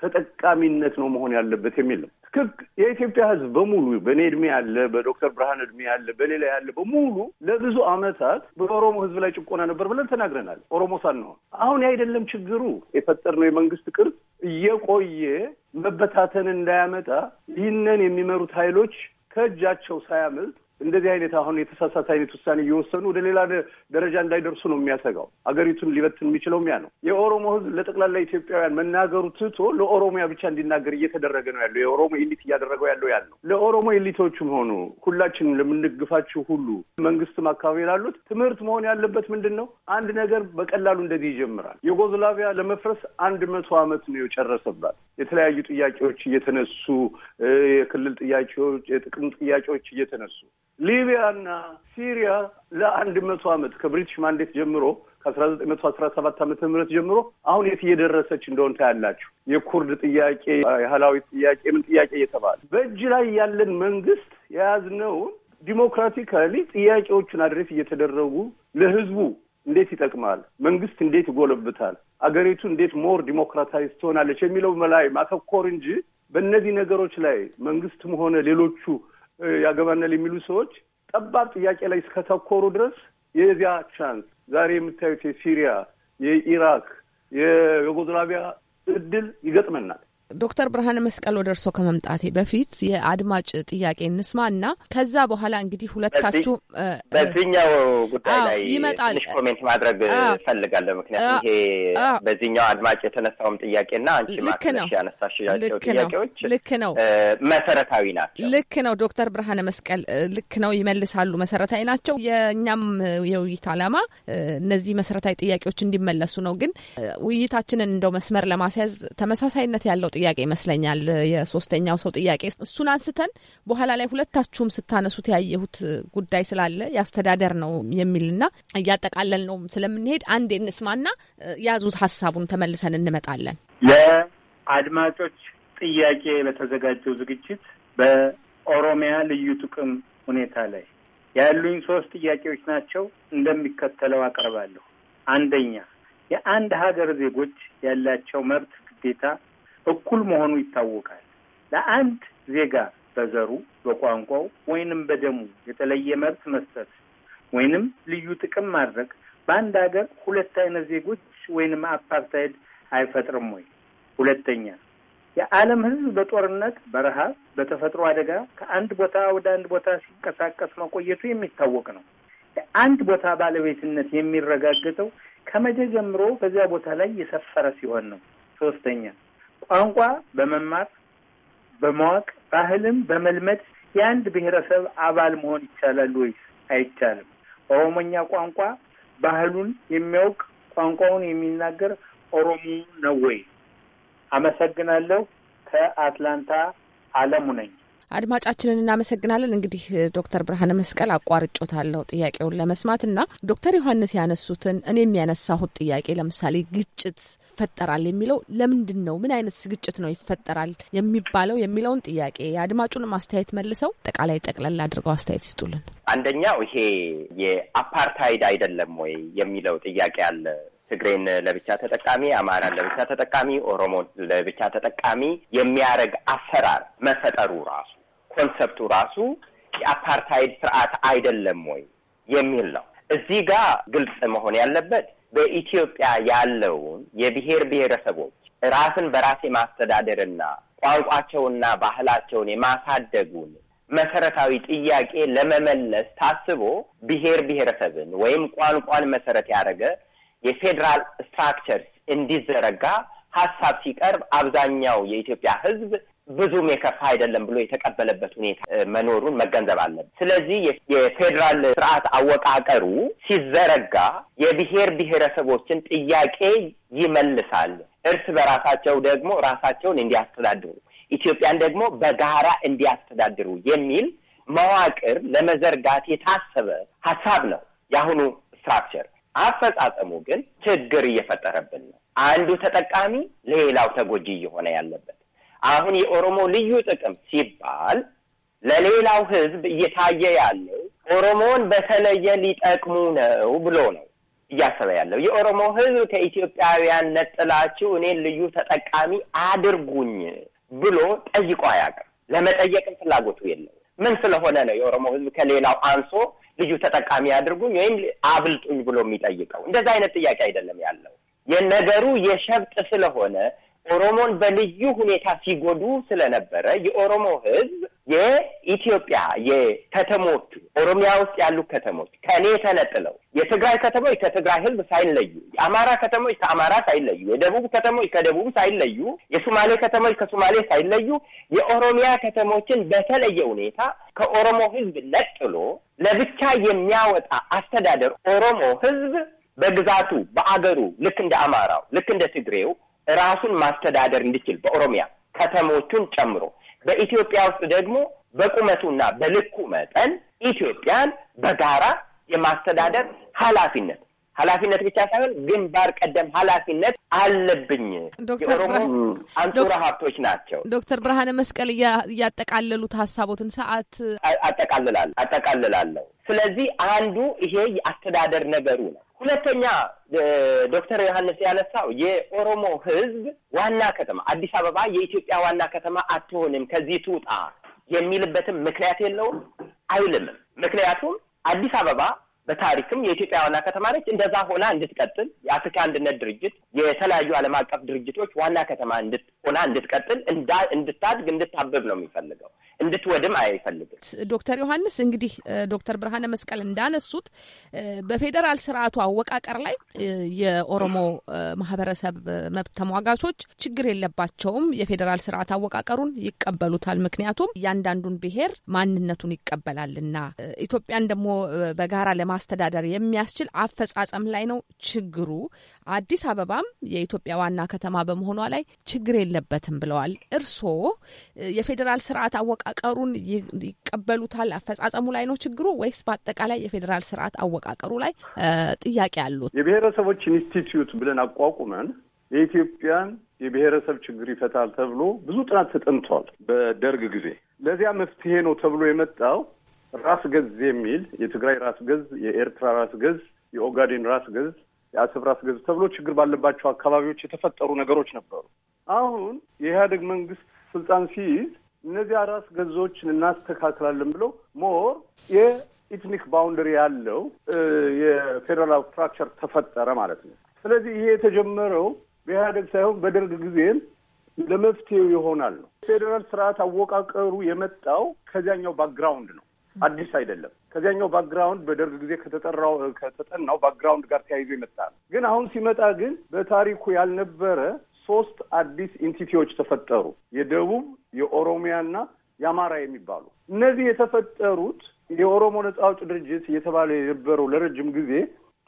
ተጠቃሚነት ነው መሆን ያለበት የሚል ነው። ትክክ የኢትዮጵያ ሕዝብ በሙሉ በእኔ እድሜ ያለ በዶክተር ብርሃን እድሜ ያለ በሌላ ያለ በሙሉ ለብዙ ዓመታት በኦሮሞ ሕዝብ ላይ ጭቆና ነበር ብለን ተናግረናል። ኦሮሞ ሳንሆን አሁን አይደለም ችግሩ የፈጠርነው የመንግስት ቅርጽ እየቆየ መበታተን እንዳያመጣ ይህንን የሚመሩት ኃይሎች ከእጃቸው ሳያመልጥ እንደዚህ አይነት አሁን የተሳሳተ አይነት ውሳኔ እየወሰኑ ወደ ሌላ ደረጃ እንዳይደርሱ ነው የሚያሰጋው። አገሪቱን ሊበትን የሚችለው ያ ነው። የኦሮሞ ህዝብ ለጠቅላላ ኢትዮጵያውያን መናገሩ ትቶ ለኦሮሚያ ብቻ እንዲናገር እየተደረገ ነው ያለው። የኦሮሞ ኤሊት እያደረገው ያለው ነው። ለኦሮሞ ኤሊቶችም ሆኑ ሁላችንም ለምንግፋችሁ ሁሉ መንግስትም አካባቢ ላሉት ትምህርት መሆን ያለበት ምንድን ነው? አንድ ነገር በቀላሉ እንደዚህ ይጀምራል። ዩጎዝላቪያ ለመፍረስ አንድ መቶ ዓመት ነው የጨረሰባት። የተለያዩ ጥያቄዎች እየተነሱ የክልል ጥያቄዎች፣ የጥቅም ጥያቄዎች እየተነሱ ሊቢያና ሲሪያ ለአንድ መቶ ዓመት ከብሪቲሽ ማንዴት ጀምሮ ከአስራ ዘጠኝ መቶ አስራ ሰባት ዓመተ ምህረት ጀምሮ አሁን የት እየደረሰች እንደሆን ታያላችሁ። የኩርድ ጥያቄ፣ የህላዊ ጥያቄ፣ ምን ጥያቄ እየተባለ በእጅ ላይ ያለን መንግስት የያዝነውን ዲሞክራቲካሊ ጥያቄዎቹን አድሬስ እየተደረጉ ለህዝቡ እንዴት ይጠቅማል፣ መንግስት እንዴት ይጎለብታል፣ አገሪቱ እንዴት ሞር ዲሞክራታይዝ ትሆናለች የሚለው ላይ ማተኮር እንጂ በእነዚህ ነገሮች ላይ መንግስትም ሆነ ሌሎቹ ያገባናል የሚሉ ሰዎች ጠባብ ጥያቄ ላይ እስከተኮሩ ድረስ የዚያ ቻንስ ዛሬ የምታዩት የሲሪያ፣ የኢራክ፣ የዩጎዝላቪያ እድል ይገጥመናል። ዶክተር ብርሃነ መስቀል ወደ እርስዎ ከመምጣቴ በፊት የአድማጭ ጥያቄ እንስማ እና ከዛ በኋላ እንግዲህ ሁለታችሁ በዚህኛው ጉዳይ ላይ ይመጣል። ትንሽ ኮሜንት ማድረግ እፈልጋለሁ። ምክንያቱም ይሄ በዚህኛው አድማጭ የተነሳውም ጥያቄና አንቺ ማክሽ ያነሳሽ ጥያቄዎች ልክ ነው፣ መሰረታዊ ናቸው። ልክ ነው ዶክተር ብርሃነ መስቀል ልክ ነው ይመልሳሉ፣ መሰረታዊ ናቸው። የእኛም የውይይት አላማ እነዚህ መሰረታዊ ጥያቄዎች እንዲመለሱ ነው። ግን ውይይታችንን እንደው መስመር ለማስያዝ ተመሳሳይነት ያለው ጥያቄ ይመስለኛል የሶስተኛው ሰው ጥያቄ። እሱን አንስተን በኋላ ላይ ሁለታችሁም ስታነሱት ያየሁት ጉዳይ ስላለ የአስተዳደር ነው የሚልና እያጠቃለል ነው ስለምንሄድ አንድ እንስማና ያዙት ሀሳቡን ተመልሰን እንመጣለን። ለአድማጮች ጥያቄ በተዘጋጀው ዝግጅት በኦሮሚያ ልዩ ጥቅም ሁኔታ ላይ ያሉኝ ሶስት ጥያቄዎች ናቸው። እንደሚከተለው አቀርባለሁ። አንደኛ የአንድ ሀገር ዜጎች ያላቸው መብት፣ ግዴታ እኩል መሆኑ ይታወቃል። ለአንድ ዜጋ በዘሩ፣ በቋንቋው ወይንም በደሙ የተለየ መብት መስጠት ወይንም ልዩ ጥቅም ማድረግ በአንድ ሀገር ሁለት አይነት ዜጎች ወይንም አፓርታይድ አይፈጥርም ወይ? ሁለተኛ የዓለም ሕዝብ በጦርነት በረሃብ፣ በተፈጥሮ አደጋ ከአንድ ቦታ ወደ አንድ ቦታ ሲንቀሳቀስ መቆየቱ የሚታወቅ ነው። የአንድ ቦታ ባለቤትነት የሚረጋገጠው ከመቼ ጀምሮ በዚያ ቦታ ላይ የሰፈረ ሲሆን ነው። ሶስተኛ ቋንቋ በመማር በማወቅ ባህልም በመልመድ የአንድ ብሔረሰብ አባል መሆን ይቻላል ወይስ አይቻልም? ኦሮሞኛ ቋንቋ ባህሉን የሚያውቅ ቋንቋውን የሚናገር ኦሮሞ ነው ወይ? አመሰግናለሁ። ከአትላንታ አለሙ ነኝ። አድማጫችንን እናመሰግናለን። እንግዲህ ዶክተር ብርሃነ መስቀል አቋርጮታለሁ ጥያቄውን ለመስማት እና ዶክተር ዮሐንስ ያነሱትን እኔ የሚያነሳሁት ጥያቄ ለምሳሌ ግጭት ይፈጠራል የሚለው ለምንድን ነው? ምን አይነት ግጭት ነው ይፈጠራል የሚባለው የሚለውን ጥያቄ የአድማጩንም አስተያየት መልሰው ጠቃላይ ጠቅለል አድርገው አስተያየት ይስጡልን። አንደኛው ይሄ የአፓርታይድ አይደለም ወይ የሚለው ጥያቄ አለ። ትግሬን ለብቻ ተጠቃሚ፣ አማራን ለብቻ ተጠቃሚ፣ ኦሮሞ ለብቻ ተጠቃሚ የሚያደርግ አሰራር መፈጠሩ ራሱ ኮንሰፕቱ ራሱ የአፓርታይድ ስርዓት አይደለም ወይ የሚል ነው። እዚህ ጋር ግልጽ መሆን ያለበት በኢትዮጵያ ያለውን የብሔር ብሔረሰቦች ራስን በራስ የማስተዳደርና ቋንቋቸውና ባህላቸውን የማሳደጉን መሰረታዊ ጥያቄ ለመመለስ ታስቦ ብሔር ብሔረሰብን ወይም ቋንቋን መሰረት ያደረገ የፌዴራል ስትራክቸርስ እንዲዘረጋ ሀሳብ ሲቀርብ አብዛኛው የኢትዮጵያ ሕዝብ ብዙም የከፋ አይደለም ብሎ የተቀበለበት ሁኔታ መኖሩን መገንዘብ አለን። ስለዚህ የፌዴራል ስርዓት አወቃቀሩ ሲዘረጋ የብሔር ብሔረሰቦችን ጥያቄ ይመልሳል፣ እርስ በራሳቸው ደግሞ ራሳቸውን እንዲያስተዳድሩ ኢትዮጵያን ደግሞ በጋራ እንዲያስተዳድሩ የሚል መዋቅር ለመዘርጋት የታሰበ ሀሳብ ነው የአሁኑ ስትራክቸር። አፈጻጸሙ ግን ችግር እየፈጠረብን ነው። አንዱ ተጠቃሚ ሌላው ተጎጂ እየሆነ ያለበት አሁን የኦሮሞ ልዩ ጥቅም ሲባል ለሌላው ህዝብ እየታየ ያለው ኦሮሞን በተለየ ሊጠቅሙ ነው ብሎ ነው እያሰበ ያለው። የኦሮሞ ህዝብ ከኢትዮጵያውያን ነጥላችሁ እኔን ልዩ ተጠቃሚ አድርጉኝ ብሎ ጠይቆ አያውቅም። ለመጠየቅም ፍላጎቱ የለው። ምን ስለሆነ ነው የኦሮሞ ህዝብ ከሌላው አንሶ ልዩ ተጠቃሚ አድርጉኝ ወይም አብልጡኝ ብሎ የሚጠይቀው? እንደዛ አይነት ጥያቄ አይደለም ያለው። የነገሩ የሸብጥ ስለሆነ ኦሮሞን በልዩ ሁኔታ ሲጎዱ ስለነበረ የኦሮሞ ህዝብ የኢትዮጵያ የከተሞቹ ኦሮሚያ ውስጥ ያሉ ከተሞች ከእኔ ተነጥለው የትግራይ ከተሞች ከትግራይ ህዝብ ሳይለዩ፣ የአማራ ከተሞች ከአማራ ሳይለዩ፣ የደቡብ ከተሞች ከደቡብ ሳይለዩ፣ የሱማሌ ከተሞች ከሱማሌ ሳይለዩ የኦሮሚያ ከተሞችን በተለየ ሁኔታ ከኦሮሞ ህዝብ ነጥሎ ለብቻ የሚያወጣ አስተዳደር ኦሮሞ ህዝብ በግዛቱ በአገሩ ልክ እንደ አማራው ልክ እንደ ትግሬው ራሱን ማስተዳደር እንዲችል በኦሮሚያ ከተሞቹን ጨምሮ በኢትዮጵያ ውስጥ ደግሞ በቁመቱና በልኩ መጠን ኢትዮጵያን በጋራ የማስተዳደር ኃላፊነት ኃላፊነት ብቻ ሳይሆን ግንባር ቀደም ኃላፊነት አለብኝ። የኦሮሞ አንጡራ ሀብቶች ናቸው። ዶክተር ብርሃነ መስቀል እያጠቃለሉት ሀሳቦትን ሰዓት አጠቃልላለሁ አጠቃልላለሁ። ስለዚህ አንዱ ይሄ የአስተዳደር ነገሩ ነው። ሁለተኛ ዶክተር ዮሐንስ ያነሳው የኦሮሞ ሕዝብ ዋና ከተማ አዲስ አበባ የኢትዮጵያ ዋና ከተማ አትሆንም ከዚህ ትውጣ የሚልበትም ምክንያት የለውም አይልምም። ምክንያቱም አዲስ አበባ በታሪክም የኢትዮጵያ ዋና ከተማ ነች። እንደዛ ሆና እንድትቀጥል የአፍሪካ አንድነት ድርጅት፣ የተለያዩ ዓለም አቀፍ ድርጅቶች ዋና ከተማ ሆና እንድትቀጥል፣ እንድታድግ፣ እንድታብብ ነው የሚፈልገው። እንድትወድም አይፈልግም። ዶክተር ዮሐንስ እንግዲህ ዶክተር ብርሃነ መስቀል እንዳነሱት በፌዴራል ስርዓቱ አወቃቀር ላይ የኦሮሞ ማህበረሰብ መብት ተሟጋቾች ችግር የለባቸውም። የፌዴራል ስርዓት አወቃቀሩን ይቀበሉታል። ምክንያቱም እያንዳንዱን ብሔር ማንነቱን ይቀበላልና ኢትዮጵያን ደግሞ በጋራ ለማስተዳደር የሚያስችል አፈጻጸም ላይ ነው ችግሩ። አዲስ አበባም የኢትዮጵያ ዋና ከተማ በመሆኗ ላይ ችግር የለበትም ብለዋል። እርስዎ የፌዴራል ስርዓት አወቃቀሩን ይቀበሉታል? አፈጻጸሙ ላይ ነው ችግሩ ወይስ በአጠቃላይ የፌዴራል ስርዓት አወቃቀሩ ላይ ጥያቄ አሉት? የብሔረሰቦች ኢንስቲትዩት ብለን አቋቁመን የኢትዮጵያን የብሔረሰብ ችግር ይፈታል ተብሎ ብዙ ጥናት ተጠንቷል። በደርግ ጊዜ ለዚያ መፍትሄ ነው ተብሎ የመጣው ራስ ገዝ የሚል የትግራይ ራስ ገዝ፣ የኤርትራ ራስ ገዝ፣ የኦጋዴን ራስ ገዝ የአስብራ አስገዙ ተብሎ ችግር ባለባቸው አካባቢዎች የተፈጠሩ ነገሮች ነበሩ። አሁን የኢህአዴግ መንግስት ስልጣን ሲይዝ እነዚህ ራስ ገዞችን እናስተካክላለን ብለው ሞር የኢትኒክ ባውንደሪ ያለው የፌዴራል ስትራክቸር ተፈጠረ ማለት ነው። ስለዚህ ይሄ የተጀመረው በኢህአዴግ ሳይሆን በደርግ ጊዜም ለመፍትሄው ይሆናል ነው። ፌዴራል ስርዓት አወቃቀሩ የመጣው ከዚያኛው ባክግራውንድ ነው። አዲስ አይደለም። ከዚያኛው ባክግራውንድ በደርግ ጊዜ ከተጠራው ከተጠናው ባክግራውንድ ጋር ተያይዞ ይመጣል። ግን አሁን ሲመጣ ግን በታሪኩ ያልነበረ ሶስት አዲስ ኢንቲቲዎች ተፈጠሩ። የደቡብ የኦሮሚያና የአማራ የሚባሉ እነዚህ የተፈጠሩት የኦሮሞ ነጻ አውጪ ድርጅት እየተባለ የነበረው ለረጅም ጊዜ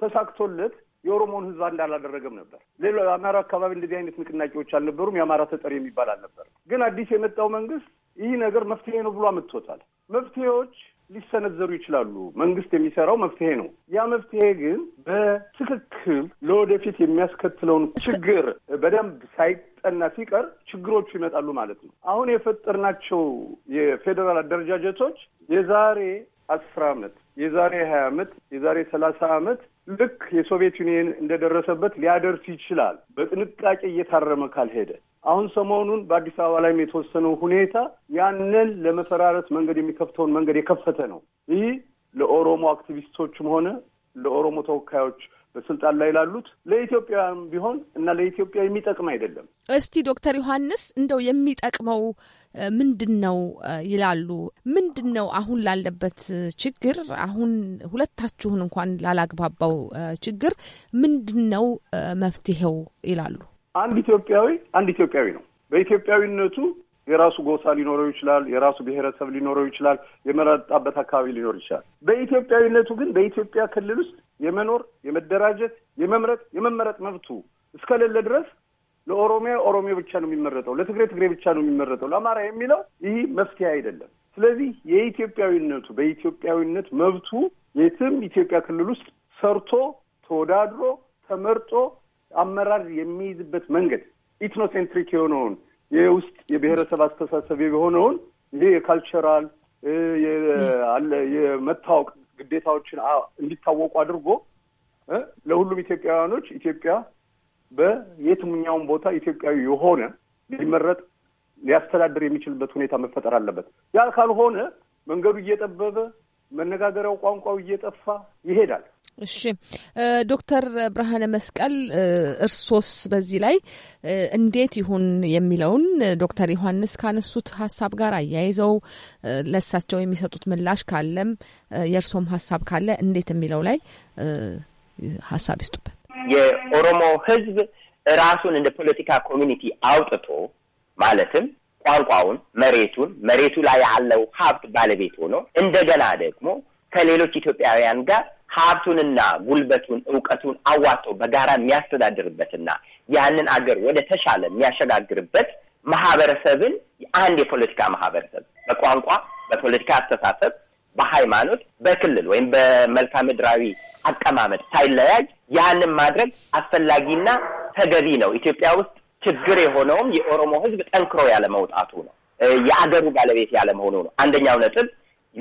ተሳክቶለት የኦሮሞን ህዝብ አንድ አላደረገም ነበር። ሌላ የአማራ አካባቢ እንደዚህ አይነት ንቅናቄዎች አልነበሩም። የአማራ ተጠሪ የሚባል አልነበር። ግን አዲስ የመጣው መንግስት ይህ ነገር መፍትሄ ነው ብሎ አምጥቶታል። መፍትሄዎች ሊሰነዘሩ ይችላሉ። መንግስት የሚሰራው መፍትሄ ነው። ያ መፍትሄ ግን በትክክል ለወደፊት የሚያስከትለውን ችግር በደንብ ሳይጠና ሲቀር ችግሮቹ ይመጣሉ ማለት ነው። አሁን የፈጠርናቸው የፌዴራል አደረጃጀቶች የዛሬ አስር ዓመት የዛሬ ሀያ አመት የዛሬ ሰላሳ አመት ልክ የሶቪየት ዩኒየን እንደደረሰበት ሊያደርስ ይችላል በጥንቃቄ እየታረመ ካልሄደ። አሁን ሰሞኑን በአዲስ አበባ ላይም የተወሰነው ሁኔታ ያንን ለመፈራረስ መንገድ የሚከፍተውን መንገድ የከፈተ ነው። ይህ ለኦሮሞ አክቲቪስቶችም ሆነ ለኦሮሞ ተወካዮች በስልጣን ላይ ላሉት ለኢትዮጵያም ቢሆን እና ለኢትዮጵያ የሚጠቅም አይደለም። እስቲ ዶክተር ዮሐንስ እንደው የሚጠቅመው ምንድን ነው ይላሉ? ምንድን ነው አሁን ላለበት ችግር አሁን ሁለታችሁን እንኳን ላላግባባው ችግር ምንድን ነው መፍትሄው ይላሉ? አንድ ኢትዮጵያዊ አንድ ኢትዮጵያዊ ነው። በኢትዮጵያዊነቱ የራሱ ጎሳ ሊኖረው ይችላል። የራሱ ብሔረሰብ ሊኖረው ይችላል። የመረጣበት አካባቢ ሊኖር ይችላል። በኢትዮጵያዊነቱ ግን በኢትዮጵያ ክልል ውስጥ የመኖር የመደራጀት፣ የመምረጥ፣ የመመረጥ መብቱ እስከሌለ ድረስ ለኦሮሚያ ኦሮሚያ ብቻ ነው የሚመረጠው፣ ለትግሬ ትግሬ ብቻ ነው የሚመረጠው፣ ለአማራ የሚለው ይህ መፍትሄ አይደለም። ስለዚህ የኢትዮጵያዊነቱ በኢትዮጵያዊነት መብቱ የትም ኢትዮጵያ ክልል ውስጥ ሰርቶ ተወዳድሮ ተመርጦ አመራር የሚይዝበት መንገድ ኢትኖሴንትሪክ የሆነውን የውስጥ የብሔረሰብ አስተሳሰብ የሆነውን ይሄ የካልቸራል የመታወቅ ግዴታዎችን እንዲታወቁ አድርጎ ለሁሉም ኢትዮጵያውያኖች ኢትዮጵያ በየትኛውም ቦታ ኢትዮጵያዊ የሆነ ሊመረጥ ሊያስተዳድር የሚችልበት ሁኔታ መፈጠር አለበት። ያ ካልሆነ መንገዱ እየጠበበ መነጋገሪያው ቋንቋው እየጠፋ ይሄዳል። እሺ ዶክተር ብርሃነ መስቀል እርሶስ በዚህ ላይ እንዴት ይሁን የሚለውን ዶክተር ዮሐንስ ካነሱት ሀሳብ ጋር አያይዘው ለሳቸው የሚሰጡት ምላሽ ካለም የእርሶም ሀሳብ ካለ እንዴት የሚለው ላይ ሀሳብ ይስጡበት። የኦሮሞ ህዝብ ራሱን እንደ ፖለቲካ ኮሚኒቲ አውጥቶ ማለትም ቋንቋውን፣ መሬቱን፣ መሬቱ ላይ ያለው ሀብት ባለቤት ሆኖ እንደገና ደግሞ ከሌሎች ኢትዮጵያውያን ጋር ሀብቱንና ጉልበቱን እውቀቱን አዋጥቶ በጋራ የሚያስተዳድርበትና ያንን አገር ወደ ተሻለ የሚያሸጋግርበት ማህበረሰብን አንድ የፖለቲካ ማህበረሰብ በቋንቋ፣ በፖለቲካ አስተሳሰብ፣ በሃይማኖት፣ በክልል ወይም በመልክዓ ምድራዊ አቀማመጥ ሳይለያይ ያንን ማድረግ አስፈላጊና ተገቢ ነው። ኢትዮጵያ ውስጥ ችግር የሆነውም የኦሮሞ ህዝብ ጠንክሮ ያለመውጣቱ ነው። የአገሩ ባለቤት ያለመሆኑ ነው። አንደኛው ነጥብ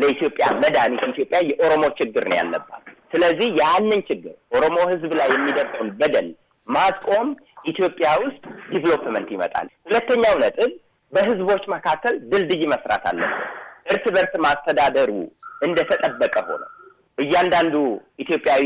ለኢትዮጵያ መድኃኒት ኢትዮጵያ የኦሮሞ ችግር ነው ያለባት። ስለዚህ ያንን ችግር ኦሮሞ ህዝብ ላይ የሚደርሰውን በደል ማስቆም ኢትዮጵያ ውስጥ ዲቨሎፕመንት ይመጣል። ሁለተኛው ነጥብ በህዝቦች መካከል ድልድይ መስራት አለበት። እርስ በርስ ማስተዳደሩ እንደተጠበቀ ሆነው እያንዳንዱ ኢትዮጵያዊ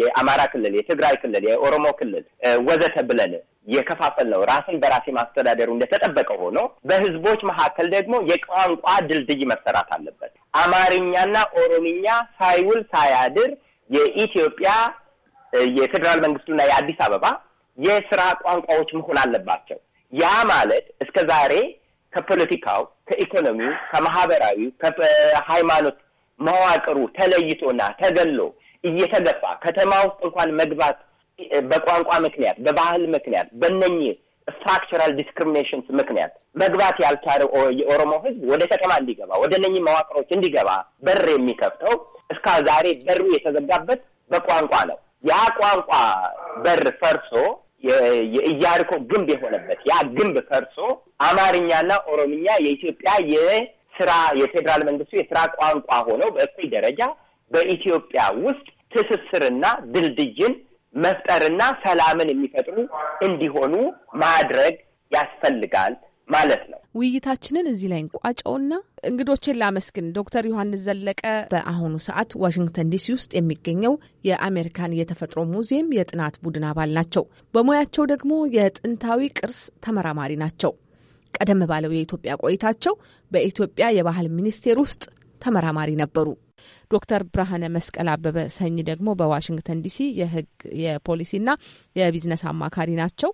የአማራ ክልል፣ የትግራይ ክልል፣ የኦሮሞ ክልል ወዘተ ብለን የከፋፈል ነው ራስን በራሴ ማስተዳደሩ እንደተጠበቀ ሆኖ በህዝቦች መካከል ደግሞ የቋንቋ ድልድይ መሰራት አለበት። አማርኛና ኦሮምኛ ሳይውል ሳያድር የኢትዮጵያ የፌዴራል መንግስቱና የአዲስ አበባ የስራ ቋንቋዎች መሆን አለባቸው። ያ ማለት እስከ ዛሬ ከፖለቲካው፣ ከኢኮኖሚው፣ ከማህበራዊው፣ ከሃይማኖት መዋቅሩ ተለይቶና ተገሎ እየተገፋ ከተማ ውስጥ እንኳን መግባት በቋንቋ ምክንያት፣ በባህል ምክንያት በእነኚህ ስትራክቸራል ዲስክሪሚኔሽንስ ምክንያት መግባት ያልቻለ የኦሮሞ ህዝብ ወደ ከተማ እንዲገባ ወደ እነኚህ መዋቅሮች እንዲገባ በር የሚከፍተው እስከ ዛሬ በሩ የተዘጋበት በቋንቋ ነው። ያ ቋንቋ በር ፈርሶ የኢያሪኮ ግንብ የሆነበት ያ ግንብ ፈርሶ አማርኛና ኦሮምኛ የኢትዮጵያ ስራ የፌዴራል መንግስቱ የስራ ቋንቋ ሆነው በእኩል ደረጃ በኢትዮጵያ ውስጥ ትስስርና ድልድይን መፍጠርና ሰላምን የሚፈጥሩ እንዲሆኑ ማድረግ ያስፈልጋል ማለት ነው። ውይይታችንን እዚህ ላይ እንቋጨውና እንግዶችን ላመስግን። ዶክተር ዮሐንስ ዘለቀ በአሁኑ ሰዓት ዋሽንግተን ዲሲ ውስጥ የሚገኘው የአሜሪካን የተፈጥሮ ሙዚየም የጥናት ቡድን አባል ናቸው። በሙያቸው ደግሞ የጥንታዊ ቅርስ ተመራማሪ ናቸው። ቀደም ባለው የኢትዮጵያ ቆይታቸው በኢትዮጵያ የባህል ሚኒስቴር ውስጥ ተመራማሪ ነበሩ። ዶክተር ብርሃነ መስቀል አበበ ሰኝ ደግሞ በዋሽንግተን ዲሲ የህግ የፖሊሲና የቢዝነስ አማካሪ ናቸው።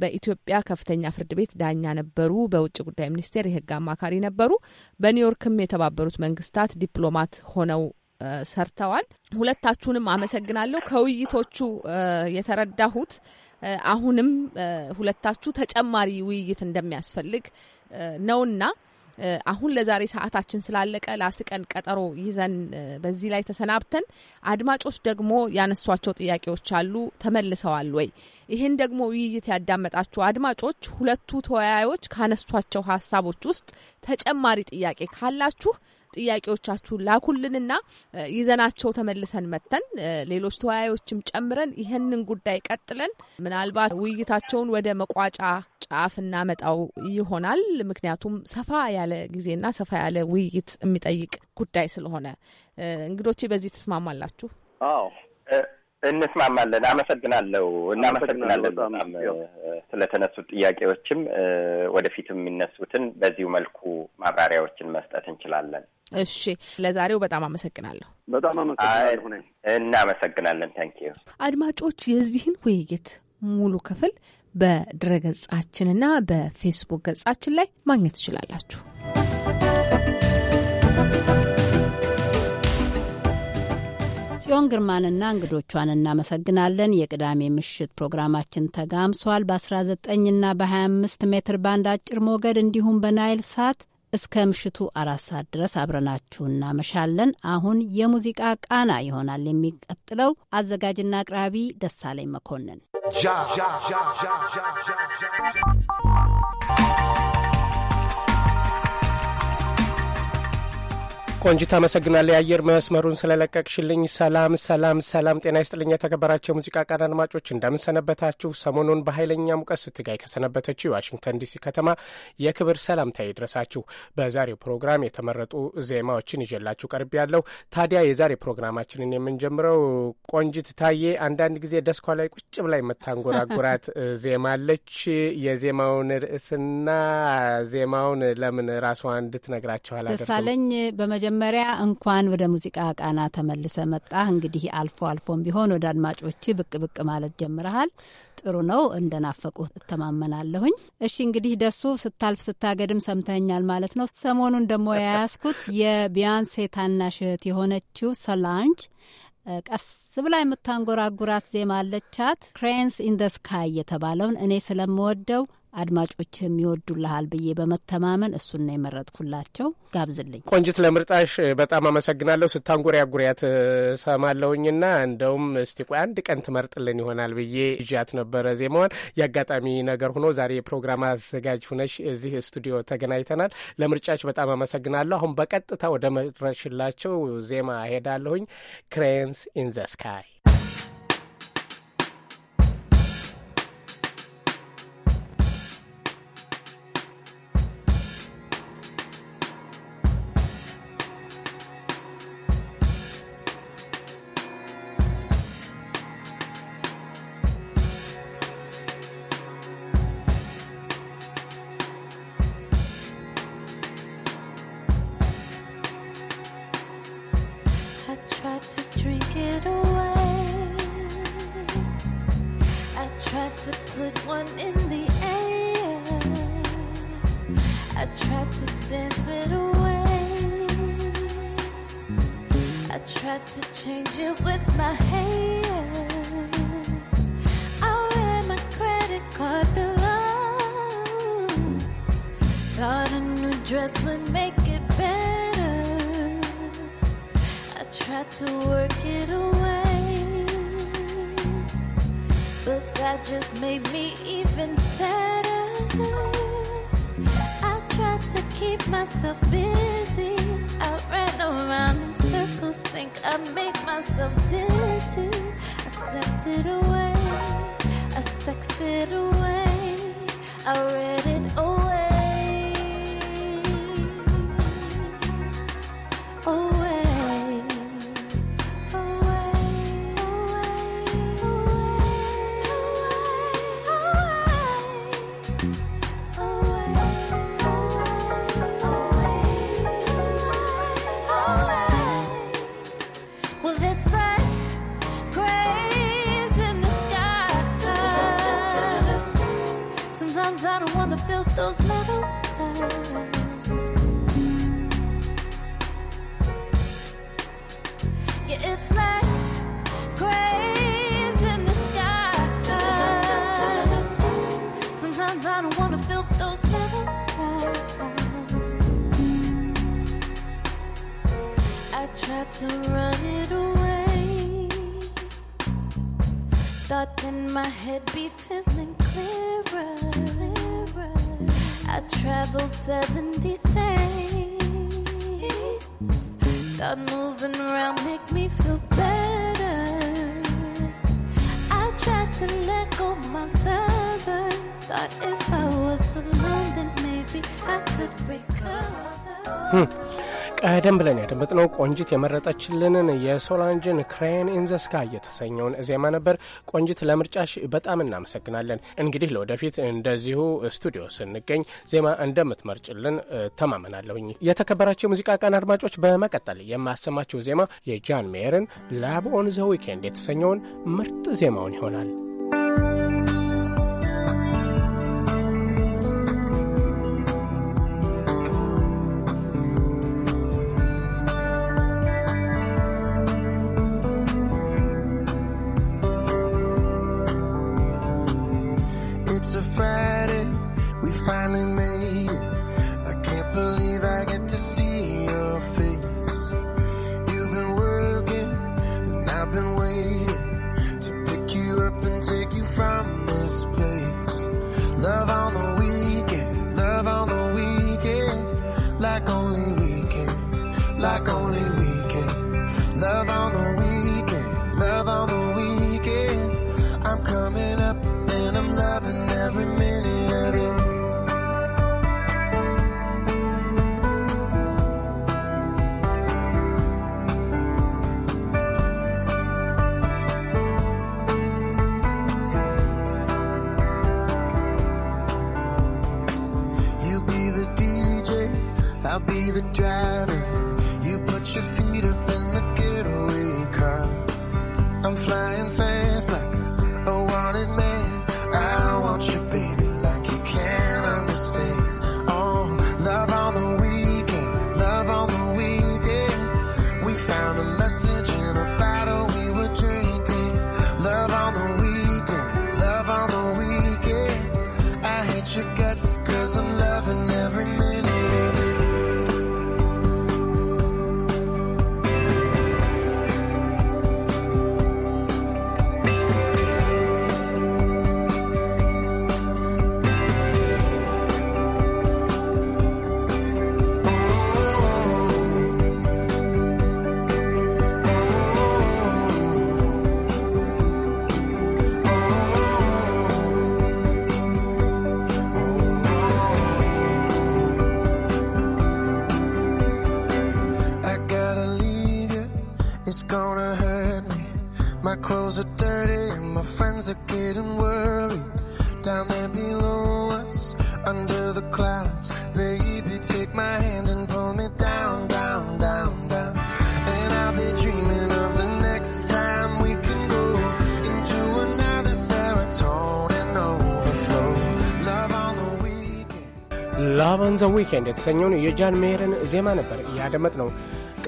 በኢትዮጵያ ከፍተኛ ፍርድ ቤት ዳኛ ነበሩ። በውጭ ጉዳይ ሚኒስቴር የህግ አማካሪ ነበሩ። በኒውዮርክም የተባበሩት መንግስታት ዲፕሎማት ሆነው ሰርተዋል። ሁለታችሁንም አመሰግናለሁ። ከውይይቶቹ የተረዳሁት አሁንም ሁለታችሁ ተጨማሪ ውይይት እንደሚያስፈልግ ነውና አሁን ለዛሬ ሰዓታችን ስላለቀ ለአስር ቀን ቀጠሮ ይዘን በዚህ ላይ ተሰናብተን፣ አድማጮች ደግሞ ያነሷቸው ጥያቄዎች አሉ ተመልሰዋል ወይ? ይህን ደግሞ ውይይት ያዳመጣችሁ አድማጮች ሁለቱ ተወያዮች ካነሷቸው ሀሳቦች ውስጥ ተጨማሪ ጥያቄ ካላችሁ ጥያቄዎቻችሁን ላኩልንና ይዘናቸው ተመልሰን መተን ሌሎች ተወያዮችም ጨምረን ይህንን ጉዳይ ቀጥለን ምናልባት ውይይታቸውን ወደ መቋጫ ጫፍ እናመጣው ይሆናል። ምክንያቱም ሰፋ ያለ ጊዜና ሰፋ ያለ ውይይት የሚጠይቅ ጉዳይ ስለሆነ እንግዶቼ በዚህ ተስማማላችሁ? አዎ እንስማማለን። አመሰግናለሁ። እናመሰግናለን በጣም ስለተነሱት ጥያቄዎችም ወደፊትም የሚነሱትን በዚሁ መልኩ ማብራሪያዎችን መስጠት እንችላለን። እሺ፣ ለዛሬው በጣም አመሰግናለሁ። በጣም አመሰግናለሁ። እናመሰግናለን። ዩ አድማጮች የዚህን ውይይት ሙሉ ክፍል በድረ ገጻችንና በፌስቡክ ገጻችን ላይ ማግኘት ትችላላችሁ። ጽዮን ግርማንና እንግዶቿን እናመሰግናለን። የቅዳሜ ምሽት ፕሮግራማችን ተጋምሷል። በ19ና በ25 ሜትር ባንድ አጭር ሞገድ እንዲሁም በናይል ሳት እስከ ምሽቱ አራት ሰዓት ድረስ አብረናችሁ እናመሻለን። አሁን የሙዚቃ ቃና ይሆናል የሚቀጥለው። አዘጋጅና አቅራቢ ደሳለኝ መኮንን ቆንጂት አመሰግናለሁ የአየር መስመሩን ስለለቀቅሽልኝ። ሰላም ሰላም ሰላም፣ ጤና ይስጥልኝ የተከበራቸው የሙዚቃ ቃና አድማጮች እንደምንሰነበታችሁ። ሰሞኑን በኃይለኛ ሙቀት ስትጋይ ከሰነበተችው የዋሽንግተን ዲሲ ከተማ የክብር ሰላምታ ይድረሳችሁ። በዛሬው ፕሮግራም የተመረጡ ዜማዎችን ይዤላችሁ ቀርብ ያለው ታዲያ የዛሬ ፕሮግራማችንን የምንጀምረው ቆንጂት ታዬ አንዳንድ ጊዜ ደስኳ ላይ ቁጭ ብላ የምታንጎራጉራት ዜማ አለች። የዜማውን ርዕስና ዜማውን ለምን ራሷ እንድትነግራችኋል ደሳለኝ በመጀመሪያ እንኳን ወደ ሙዚቃ ቃና ተመልሰ መጣ እንግዲህ አልፎ አልፎም ቢሆን ወደ አድማጮች ብቅ ብቅ ማለት ጀምረሃል። ጥሩ ነው። እንደናፈቁ እተማመናለሁኝ። እሺ እንግዲህ ደሱ ስታልፍ ስታገድም ሰምተኛል ማለት ነው። ሰሞኑን ደግሞ የያዝኩት የቢያንሴ ታናሽ እህት የሆነችው ሰላንጅ ቀስ ብላ የምታንጎራጉራት ዜማ አለቻት። ክሬንስ ኢን ደ ስካይ የተባለውን እኔ ስለምወደው አድማጮች የሚወዱልሃል ብዬ በመተማመን እሱን ነው የመረጥኩላቸው። ጋብዝልኝ ቆንጅት። ለምርጣሽ በጣም አመሰግናለሁ። ስታንጉሪ ያጉሪያት ሰማለሁኝና እንደውም እስቲ ቆይ አንድ ቀን ትመርጥልን ይሆናል ብዬ ይዣት ነበረ ዜማዋን። የአጋጣሚ ነገር ሆኖ ዛሬ የፕሮግራም አዘጋጅ ሁነሽ እዚህ ስቱዲዮ ተገናኝተናል። ለምርጫች በጣም አመሰግናለሁ። አሁን በቀጥታ ወደ መረሽላቸው ዜማ ሄዳለሁኝ። ክሬንስ ኢን ዘ ስካይ tried to change it with my hair. I ran my credit card below. Thought a new dress would make it better. I tried to work it away. But that just made me even sadder. I tried to keep myself busy. I ran around think I made myself dizzy. I slept it away, I sexed it away, I read it away. wanna fill those memories. I tried to run it away. Thought in my head be feeling clearer. I traveled 70 these days. Thought moving around make me feel better. I tried to let go my love. Hmm. ቀደም ብለን ያደመጥነው ቆንጂት የመረጠችልንን የሶላንጅን ክሬን ኢን ዘ ስካይ የተሰኘውን ዜማ ነበር። ቆንጂት ለምርጫሽ በጣም እናመሰግናለን። እንግዲህ ለወደፊት እንደዚሁ ስቱዲዮ ስንገኝ ዜማ እንደምትመርጭልን ተማመናለሁኝ። የተከበራቸው የሙዚቃ ቀን አድማጮች፣ በመቀጠል የማሰማቸው ዜማ የጃን ሜየርን ላቭ ኦን ዘ ዊኬንድ የተሰኘውን ምርጥ ዜማውን ይሆናል። ዊኬንድ የተሰኘውን የጃን ሜየርን ዜማ ነበር እያደመጥ ነው።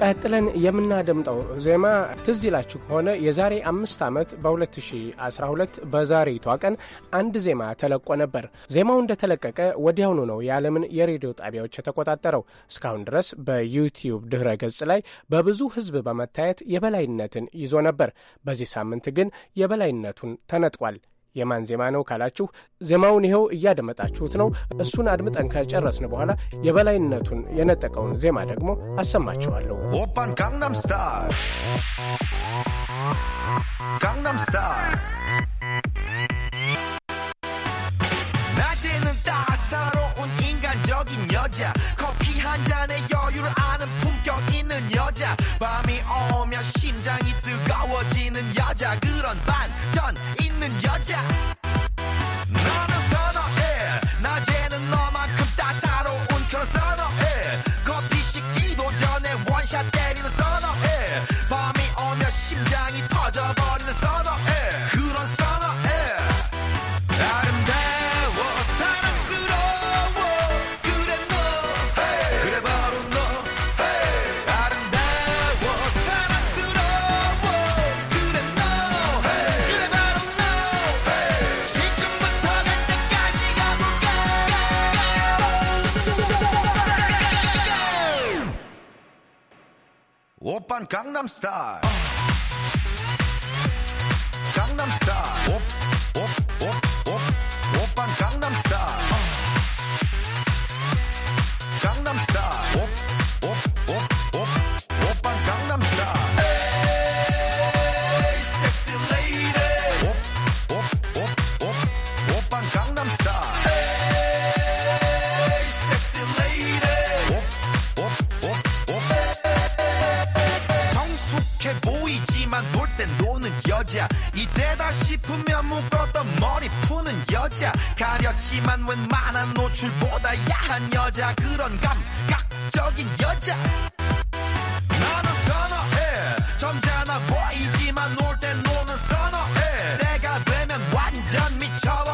ቀጥለን የምናደምጠው ዜማ ትዝ ይላችሁ ከሆነ የዛሬ አምስት ዓመት በ2012 በዛሬቷ ቀን አንድ ዜማ ተለቆ ነበር። ዜማው እንደተለቀቀ ወዲያውኑ ነው የዓለምን የሬዲዮ ጣቢያዎች የተቆጣጠረው። እስካሁን ድረስ በዩቲዩብ ድኅረ ገጽ ላይ በብዙ ሕዝብ በመታየት የበላይነትን ይዞ ነበር። በዚህ ሳምንት ግን የበላይነቱን ተነጥቋል። የማን ዜማ ነው ካላችሁ ዜማውን ይኸው እያደመጣችሁት ነው። እሱን አድምጠን ከጨረስን በኋላ የበላይነቱን የነጠቀውን ዜማ ደግሞ አሰማችኋለሁ። ኦፓን ካንግናም ስታር ካንግናም ስታር 낮에는 오면 심장이 뜨거워지는 여자 그런 반전 없는 여자 오빤 강남스타일 놀이지만 놀 땐 노는 여자 이때다 싶으면 묶었던 머리 푸는 여자 가렸지만 웬만한 노출보다 야한 여자 그런 감각적인 여자 나는 선어해 점잖아 보이지만 놀 땐 노는 선어해 내가 되면 완전 미쳐버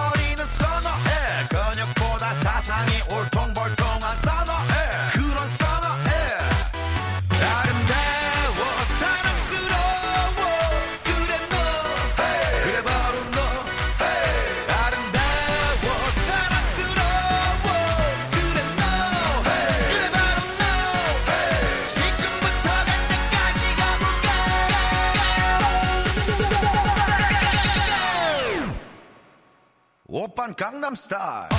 on Gangnam Style.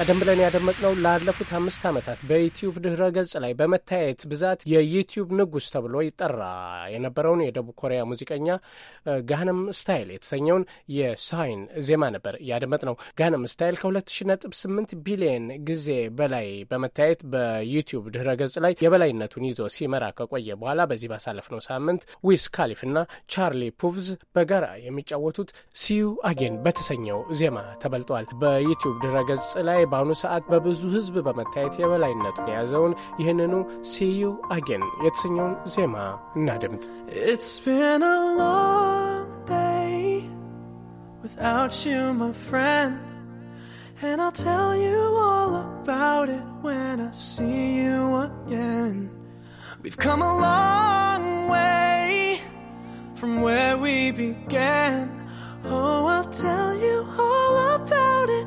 ቀደም ብለን ያደመጥነው ላለፉት አምስት ዓመታት በዩትዩብ ድኅረ ገጽ ላይ በመታየት ብዛት የዩትዩብ ንጉሥ ተብሎ ይጠራ የነበረውን የደቡብ ኮሪያ ሙዚቀኛ ጋህነም ስታይል የተሰኘውን የሳይን ዜማ ነበር ያደመጥነው። ጋህነም ስታይል ከ2.8 ቢሊየን ጊዜ በላይ በመታየት በዩትዩብ ድኅረ ገጽ ላይ የበላይነቱን ይዞ ሲመራ ከቆየ በኋላ በዚህ ባሳለፍነው ሳምንት ዊስ ካሊፍ እና ቻርሊ ፑቭዝ በጋራ የሚጫወቱት ሲዩ አጌን በተሰኘው ዜማ ተበልጧል። በዩትዩብ ድረ ገጽ ላይ ላይ በአሁኑ ሰዓት በብዙ ሕዝብ በመታየት የበላይነቱን የያዘውን ይህንኑ ሲዩ አጌን የተሰኘውን ዜማ እናድምጥ። It's been a long day without you, my friend, and I'll tell you all about it when I see you again. We've come a long way from where we began. Oh, I'll tell you all about it.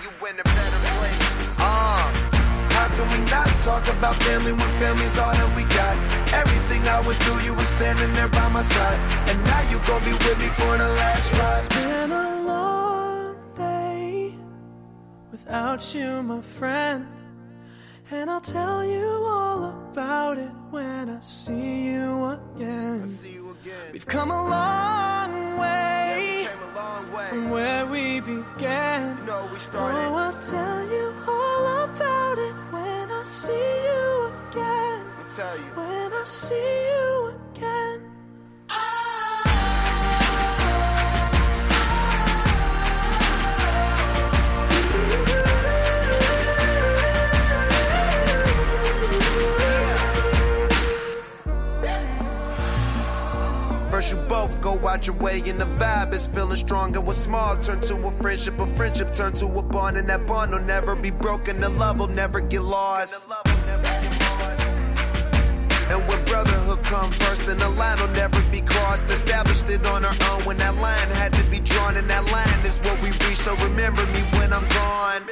in a better place. Uh, how can we not talk about family when family's all that we got? Everything I would do, you were standing there by my side. And now you gon' be with me for the last ride. It's been a long day without you, my friend. And I'll tell you all about it when I see you again. See you again. We've come a long started. Oh, I'll tell you all about it when I see you again. I'll tell you. When I see you both go out your way and the vibe is feeling strong and what's small turn to a friendship, a friendship turn to a bond and that bond will never be broken, the love will never get lost. And when brotherhood come first, then the line will never be crossed. Established it on our own when that line had to be drawn, and that line is what we reach. So remember me when I'm gone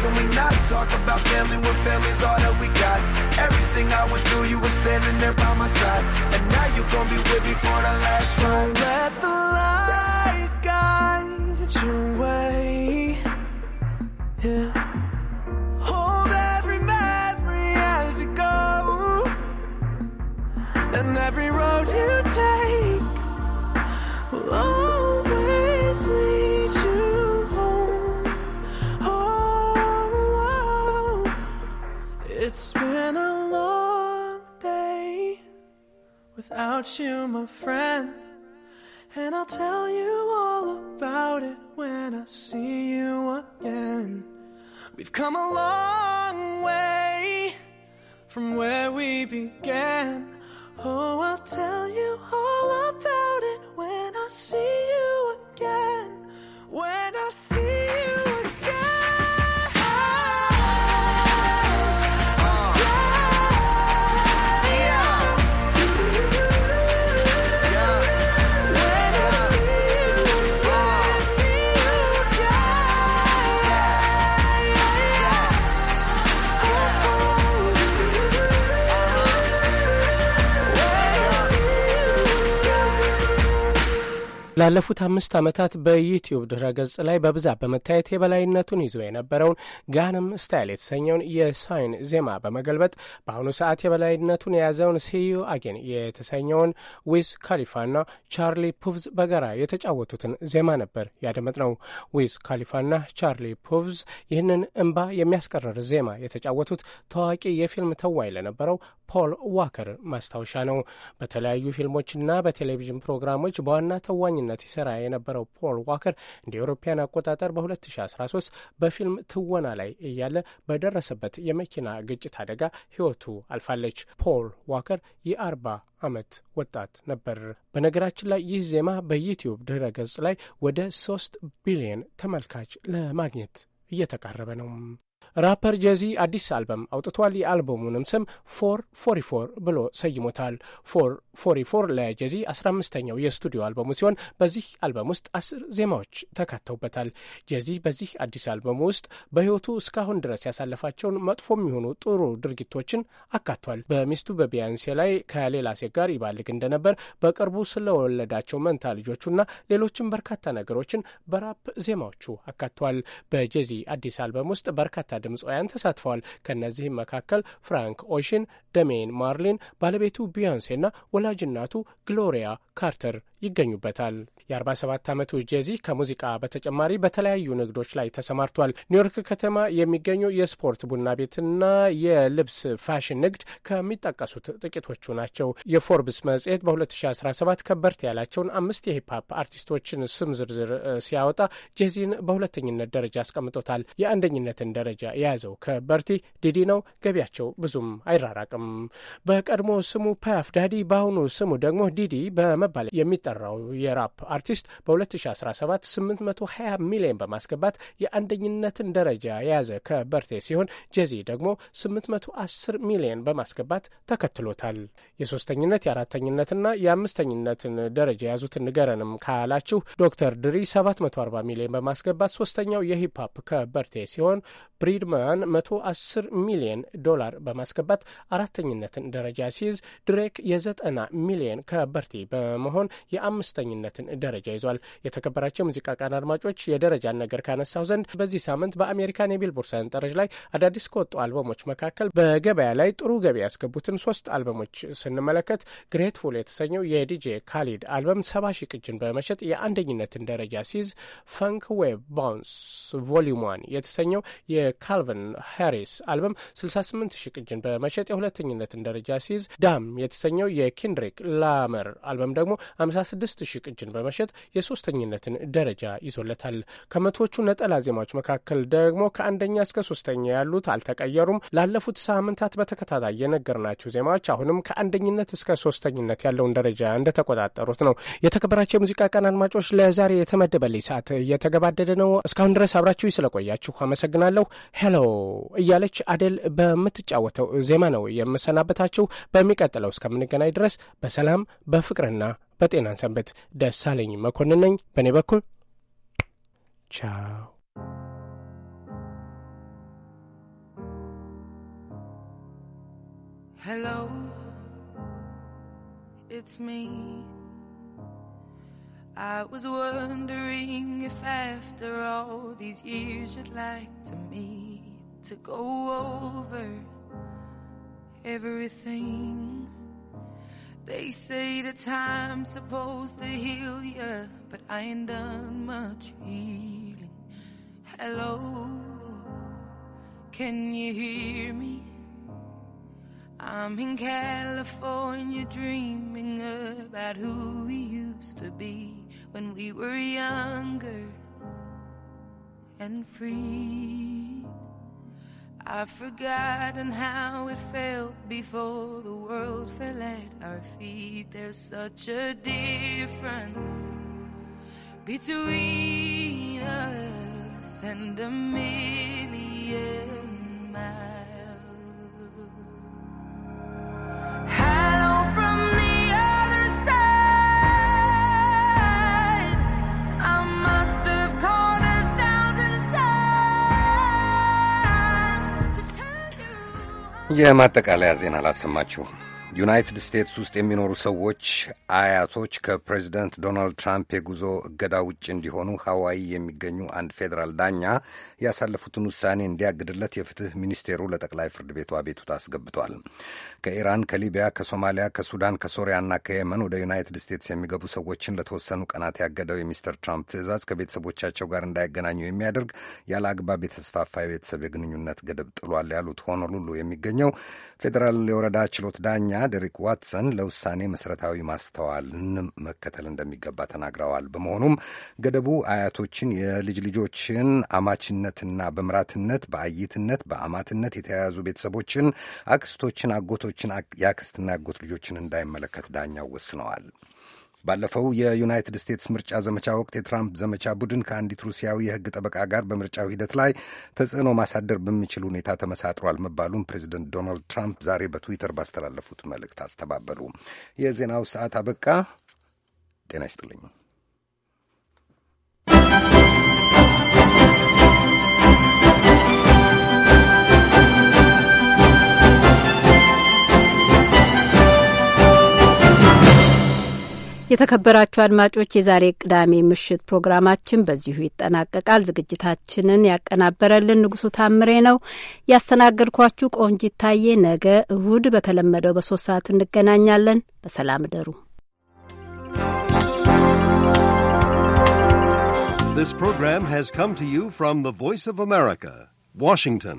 can we not talk about family when family's all that we got? Everything I would do, you were standing there by my side. And now you're gonna be with me for the last ride. Don't let the light guide your way. Yeah. Hold every memory as you go. And every road you take will about you, my friend. And I'll tell you all about it when I see you again. We've come a long way from where we began. Oh, I'll tell you all about it when I see ላለፉት አምስት ዓመታት በዩትዩብ ድረ ገጽ ላይ በብዛት በመታየት የበላይነቱን ይዞ የነበረውን ጋንም ስታይል የተሰኘውን የሳይን ዜማ በመገልበጥ በአሁኑ ሰዓት የበላይነቱን የያዘውን ሲዩ አጌን የተሰኘውን ዊዝ ካሊፋና ቻርሊ ፑቭዝ በጋራ የተጫወቱትን ዜማ ነበር ያደመጥነው። ዊዝ ካሊፋና ቻርሊ ፑቭዝ ይህንን እምባ የሚያስቀርር ዜማ የተጫወቱት ታዋቂ የፊልም ተዋይ ለነበረው ፖል ዋከር ማስታወሻ ነው። በተለያዩ ፊልሞችና በቴሌቪዥን ፕሮግራሞች በዋና ተዋኝነት በድምቀት ይሰራ የነበረው ፖል ዋከር እንደ ኤሮፓያን አቆጣጠር በ2013 በፊልም ትወና ላይ እያለ በደረሰበት የመኪና ግጭት አደጋ ሕይወቱ አልፋለች። ፖል ዋከር የአርባ ዓመት ወጣት ነበር። በነገራችን ላይ ይህ ዜማ በዩትዩብ ድረ ገጽ ላይ ወደ ሶስት ቢሊዮን ተመልካች ለማግኘት እየተቃረበ ነው። ራፐር ጀዚ አዲስ አልበም አውጥቷል። የአልበሙንም ስም ፎር ፎሪ ፎር ብሎ ሰይሞታል። ፎር ፎሪ ፎር ለጀዚ አስራ አምስተኛው የስቱዲዮ አልበሙ ሲሆን በዚህ አልበም ውስጥ አስር ዜማዎች ተካተውበታል። ጀዚ በዚህ አዲስ አልበሙ ውስጥ በሕይወቱ እስካሁን ድረስ ያሳለፋቸውን መጥፎ የሚሆኑ ጥሩ ድርጊቶችን አካቷል። በሚስቱ በቢያንሴ ላይ ከሌላ ሴት ጋር ይባልግ እንደነበር፣ በቅርቡ ስለወለዳቸው መንታ ልጆቹና ሌሎችም በርካታ ነገሮችን በራፕ ዜማዎቹ አካቷል። በጀዚ አዲስ አልበም ውስጥ በርካታ ድምፃውያን ተሳትፈዋል። ከእነዚህም መካከል ፍራንክ ኦሽን፣ ደሜን ማርሊን፣ ባለቤቱ ቢያንሴ ና ወላጅናቱ ግሎሪያ ካርተር ይገኙበታል። የ47 ዓመቱ ጄዚ ከሙዚቃ በተጨማሪ በተለያዩ ንግዶች ላይ ተሰማርቷል። ኒውዮርክ ከተማ የሚገኙ የስፖርት ቡና ቤትና የልብስ ፋሽን ንግድ ከሚጠቀሱት ጥቂቶቹ ናቸው። የፎርብስ መጽሔት በ2017 ከበርት ያላቸውን አምስት የሂፕሀፕ አርቲስቶችን ስም ዝርዝር ሲያወጣ ጄዚን በሁለተኝነት ደረጃ አስቀምጦታል። የአንደኝነትን ደረጃ የያዘው ከበርቲ ዲዲ ነው። ገቢያቸው ብዙም አይራራቅም። በቀድሞ ስሙ ፓፍ ዳዲ፣ በአሁኑ ስሙ ደግሞ ዲዲ በመባል የሚጠራው የራፕ አርቲስት በ2017 820 ሚሊዮን በማስገባት የአንደኝነትን ደረጃ የያዘ ከበርቴ ሲሆን ጄዚ ደግሞ 810 ሚሊዮን በማስገባት ተከትሎታል። የሶስተኝነት የአራተኝነትና የአምስተኝነትን ደረጃ የያዙትን ንገረንም ካላችሁ ዶክተር ድሪ 740 ሚሊዮን በማስገባት ሶስተኛው የሂፕ ሆፕ ከበርቴ ሲሆን ብሪድ ቅድማውያን 110 ሚሊዮን ዶላር በማስገባት አራተኝነትን ደረጃ ሲይዝ ድሬክ የዘጠና ሚሊዮን ከበርቲ በመሆን የአምስተኝነትን ደረጃ ይዟል። የተከበራቸው የሙዚቃ ቃን አድማጮች የደረጃን ነገር ካነሳው ዘንድ በዚህ ሳምንት በአሜሪካን የቢልቦርድ ሰንጠረዥ ላይ አዳዲስ ከወጡ አልበሞች መካከል በገበያ ላይ ጥሩ ገቢ ያስገቡትን ሶስት አልበሞች ስንመለከት ግሬትፉል የተሰኘው የዲጄ ካሊድ አልበም ሰባ ሺ ቅጅን በመሸጥ የአንደኝነትን ደረጃ ሲይዝ ፈንክ ዌብ ባውንስ ቮሊዩም ዋን የተሰኘው ካልቨን ሃሪስ አልበም 68 ሺህ ቅጅን በመሸጥ የሁለተኝነትን ደረጃ ሲይዝ ዳም የተሰኘው የኪንድሪክ ላመር አልበም ደግሞ 56 ሺህ ቅጅን በመሸጥ የሶስተኝነትን ደረጃ ይዞለታል። ከመቶዎቹ ነጠላ ዜማዎች መካከል ደግሞ ከአንደኛ እስከ ሶስተኛ ያሉት አልተቀየሩም። ላለፉት ሳምንታት በተከታታይ የነገርናቸው ዜማዎች አሁንም ከአንደኝነት እስከ ሶስተኝነት ያለውን ደረጃ እንደተቆጣጠሩት ነው። የተከበራቸው የሙዚቃ ቀን አድማጮች ለዛሬ የተመደበልኝ ሰዓት እየተገባደደ ነው። እስካሁን ድረስ አብራችሁ ስለቆያችሁ አመሰግናለሁ። ሄሎ እያለች አደል በምትጫወተው ዜማ ነው የምሰናበታችሁ። በሚቀጥለው እስከምንገናኝ ድረስ በሰላም በፍቅርና በጤናን ሰንበት። ደሳለኝ መኮንን ነኝ በእኔ በኩል ቻው። Hello, it's me. I was wondering if after all these years you'd like to meet to go over everything. They say the time's supposed to heal ya, but I ain't done much healing. Hello, can you hear me? I'm in California dreaming about who we used to be when we were younger and free. I've forgotten how it felt before the world fell at our feet. There's such a difference between us and a million miles. የማጠቃለያ ዜና አላሰማችሁ። ዩናይትድ ስቴትስ ውስጥ የሚኖሩ ሰዎች አያቶች ከፕሬዚደንት ዶናልድ ትራምፕ የጉዞ እገዳ ውጭ እንዲሆኑ ሐዋይ የሚገኙ አንድ ፌዴራል ዳኛ ያሳለፉትን ውሳኔ እንዲያግድለት የፍትህ ሚኒስቴሩ ለጠቅላይ ፍርድ ቤቱ አቤቱታ አስገብቷል። ከኢራን፣ ከሊቢያ፣ ከሶማሊያ፣ ከሱዳን፣ ከሶሪያና ከየመን ወደ ዩናይትድ ስቴትስ የሚገቡ ሰዎችን ለተወሰኑ ቀናት ያገደው የሚስተር ትራምፕ ትዕዛዝ ከቤተሰቦቻቸው ጋር እንዳይገናኙ የሚያደርግ ያለ አግባብ የተስፋፋ የቤተሰብ የግንኙነት ገደብ ጥሏል ያሉት ሆኖሉሉ የሚገኘው ፌዴራል የወረዳ ችሎት ዳኛ ዴሪክ ዋትሰን ለውሳኔ መሠረታዊ ማስተዋልን መከተል እንደሚገባ ተናግረዋል። በመሆኑም ገደቡ አያቶችን፣ የልጅ ልጆችን አማችነትና በምራትነት፣ በአይትነት፣ በአማትነት የተያያዙ ቤተሰቦችን፣ አክስቶችን፣ አጎቶችን፣ የአክስትና አጎት ልጆችን እንዳይመለከት ዳኛው ወስነዋል። ባለፈው የዩናይትድ ስቴትስ ምርጫ ዘመቻ ወቅት የትራምፕ ዘመቻ ቡድን ከአንዲት ሩሲያዊ የህግ ጠበቃ ጋር በምርጫው ሂደት ላይ ተጽዕኖ ማሳደር በሚችል ሁኔታ ተመሳጥሯል መባሉን ፕሬዚደንት ዶናልድ ትራምፕ ዛሬ በትዊተር ባስተላለፉት መልእክት አስተባበሉ። የዜናው ሰዓት አበቃ። ጤና ይስጥልኝ። የተከበራችሁ አድማጮች የዛሬ ቅዳሜ ምሽት ፕሮግራማችን በዚሁ ይጠናቀቃል። ዝግጅታችንን ያቀናበረልን ንጉሱ ታምሬ ነው። ያስተናገድኳችሁ ቆንጅ ታዬ። ነገ እሁድ በተለመደው በሶስት ሰዓት እንገናኛለን። በሰላም ደሩ። This program has come to you from the Voice of America, Washington.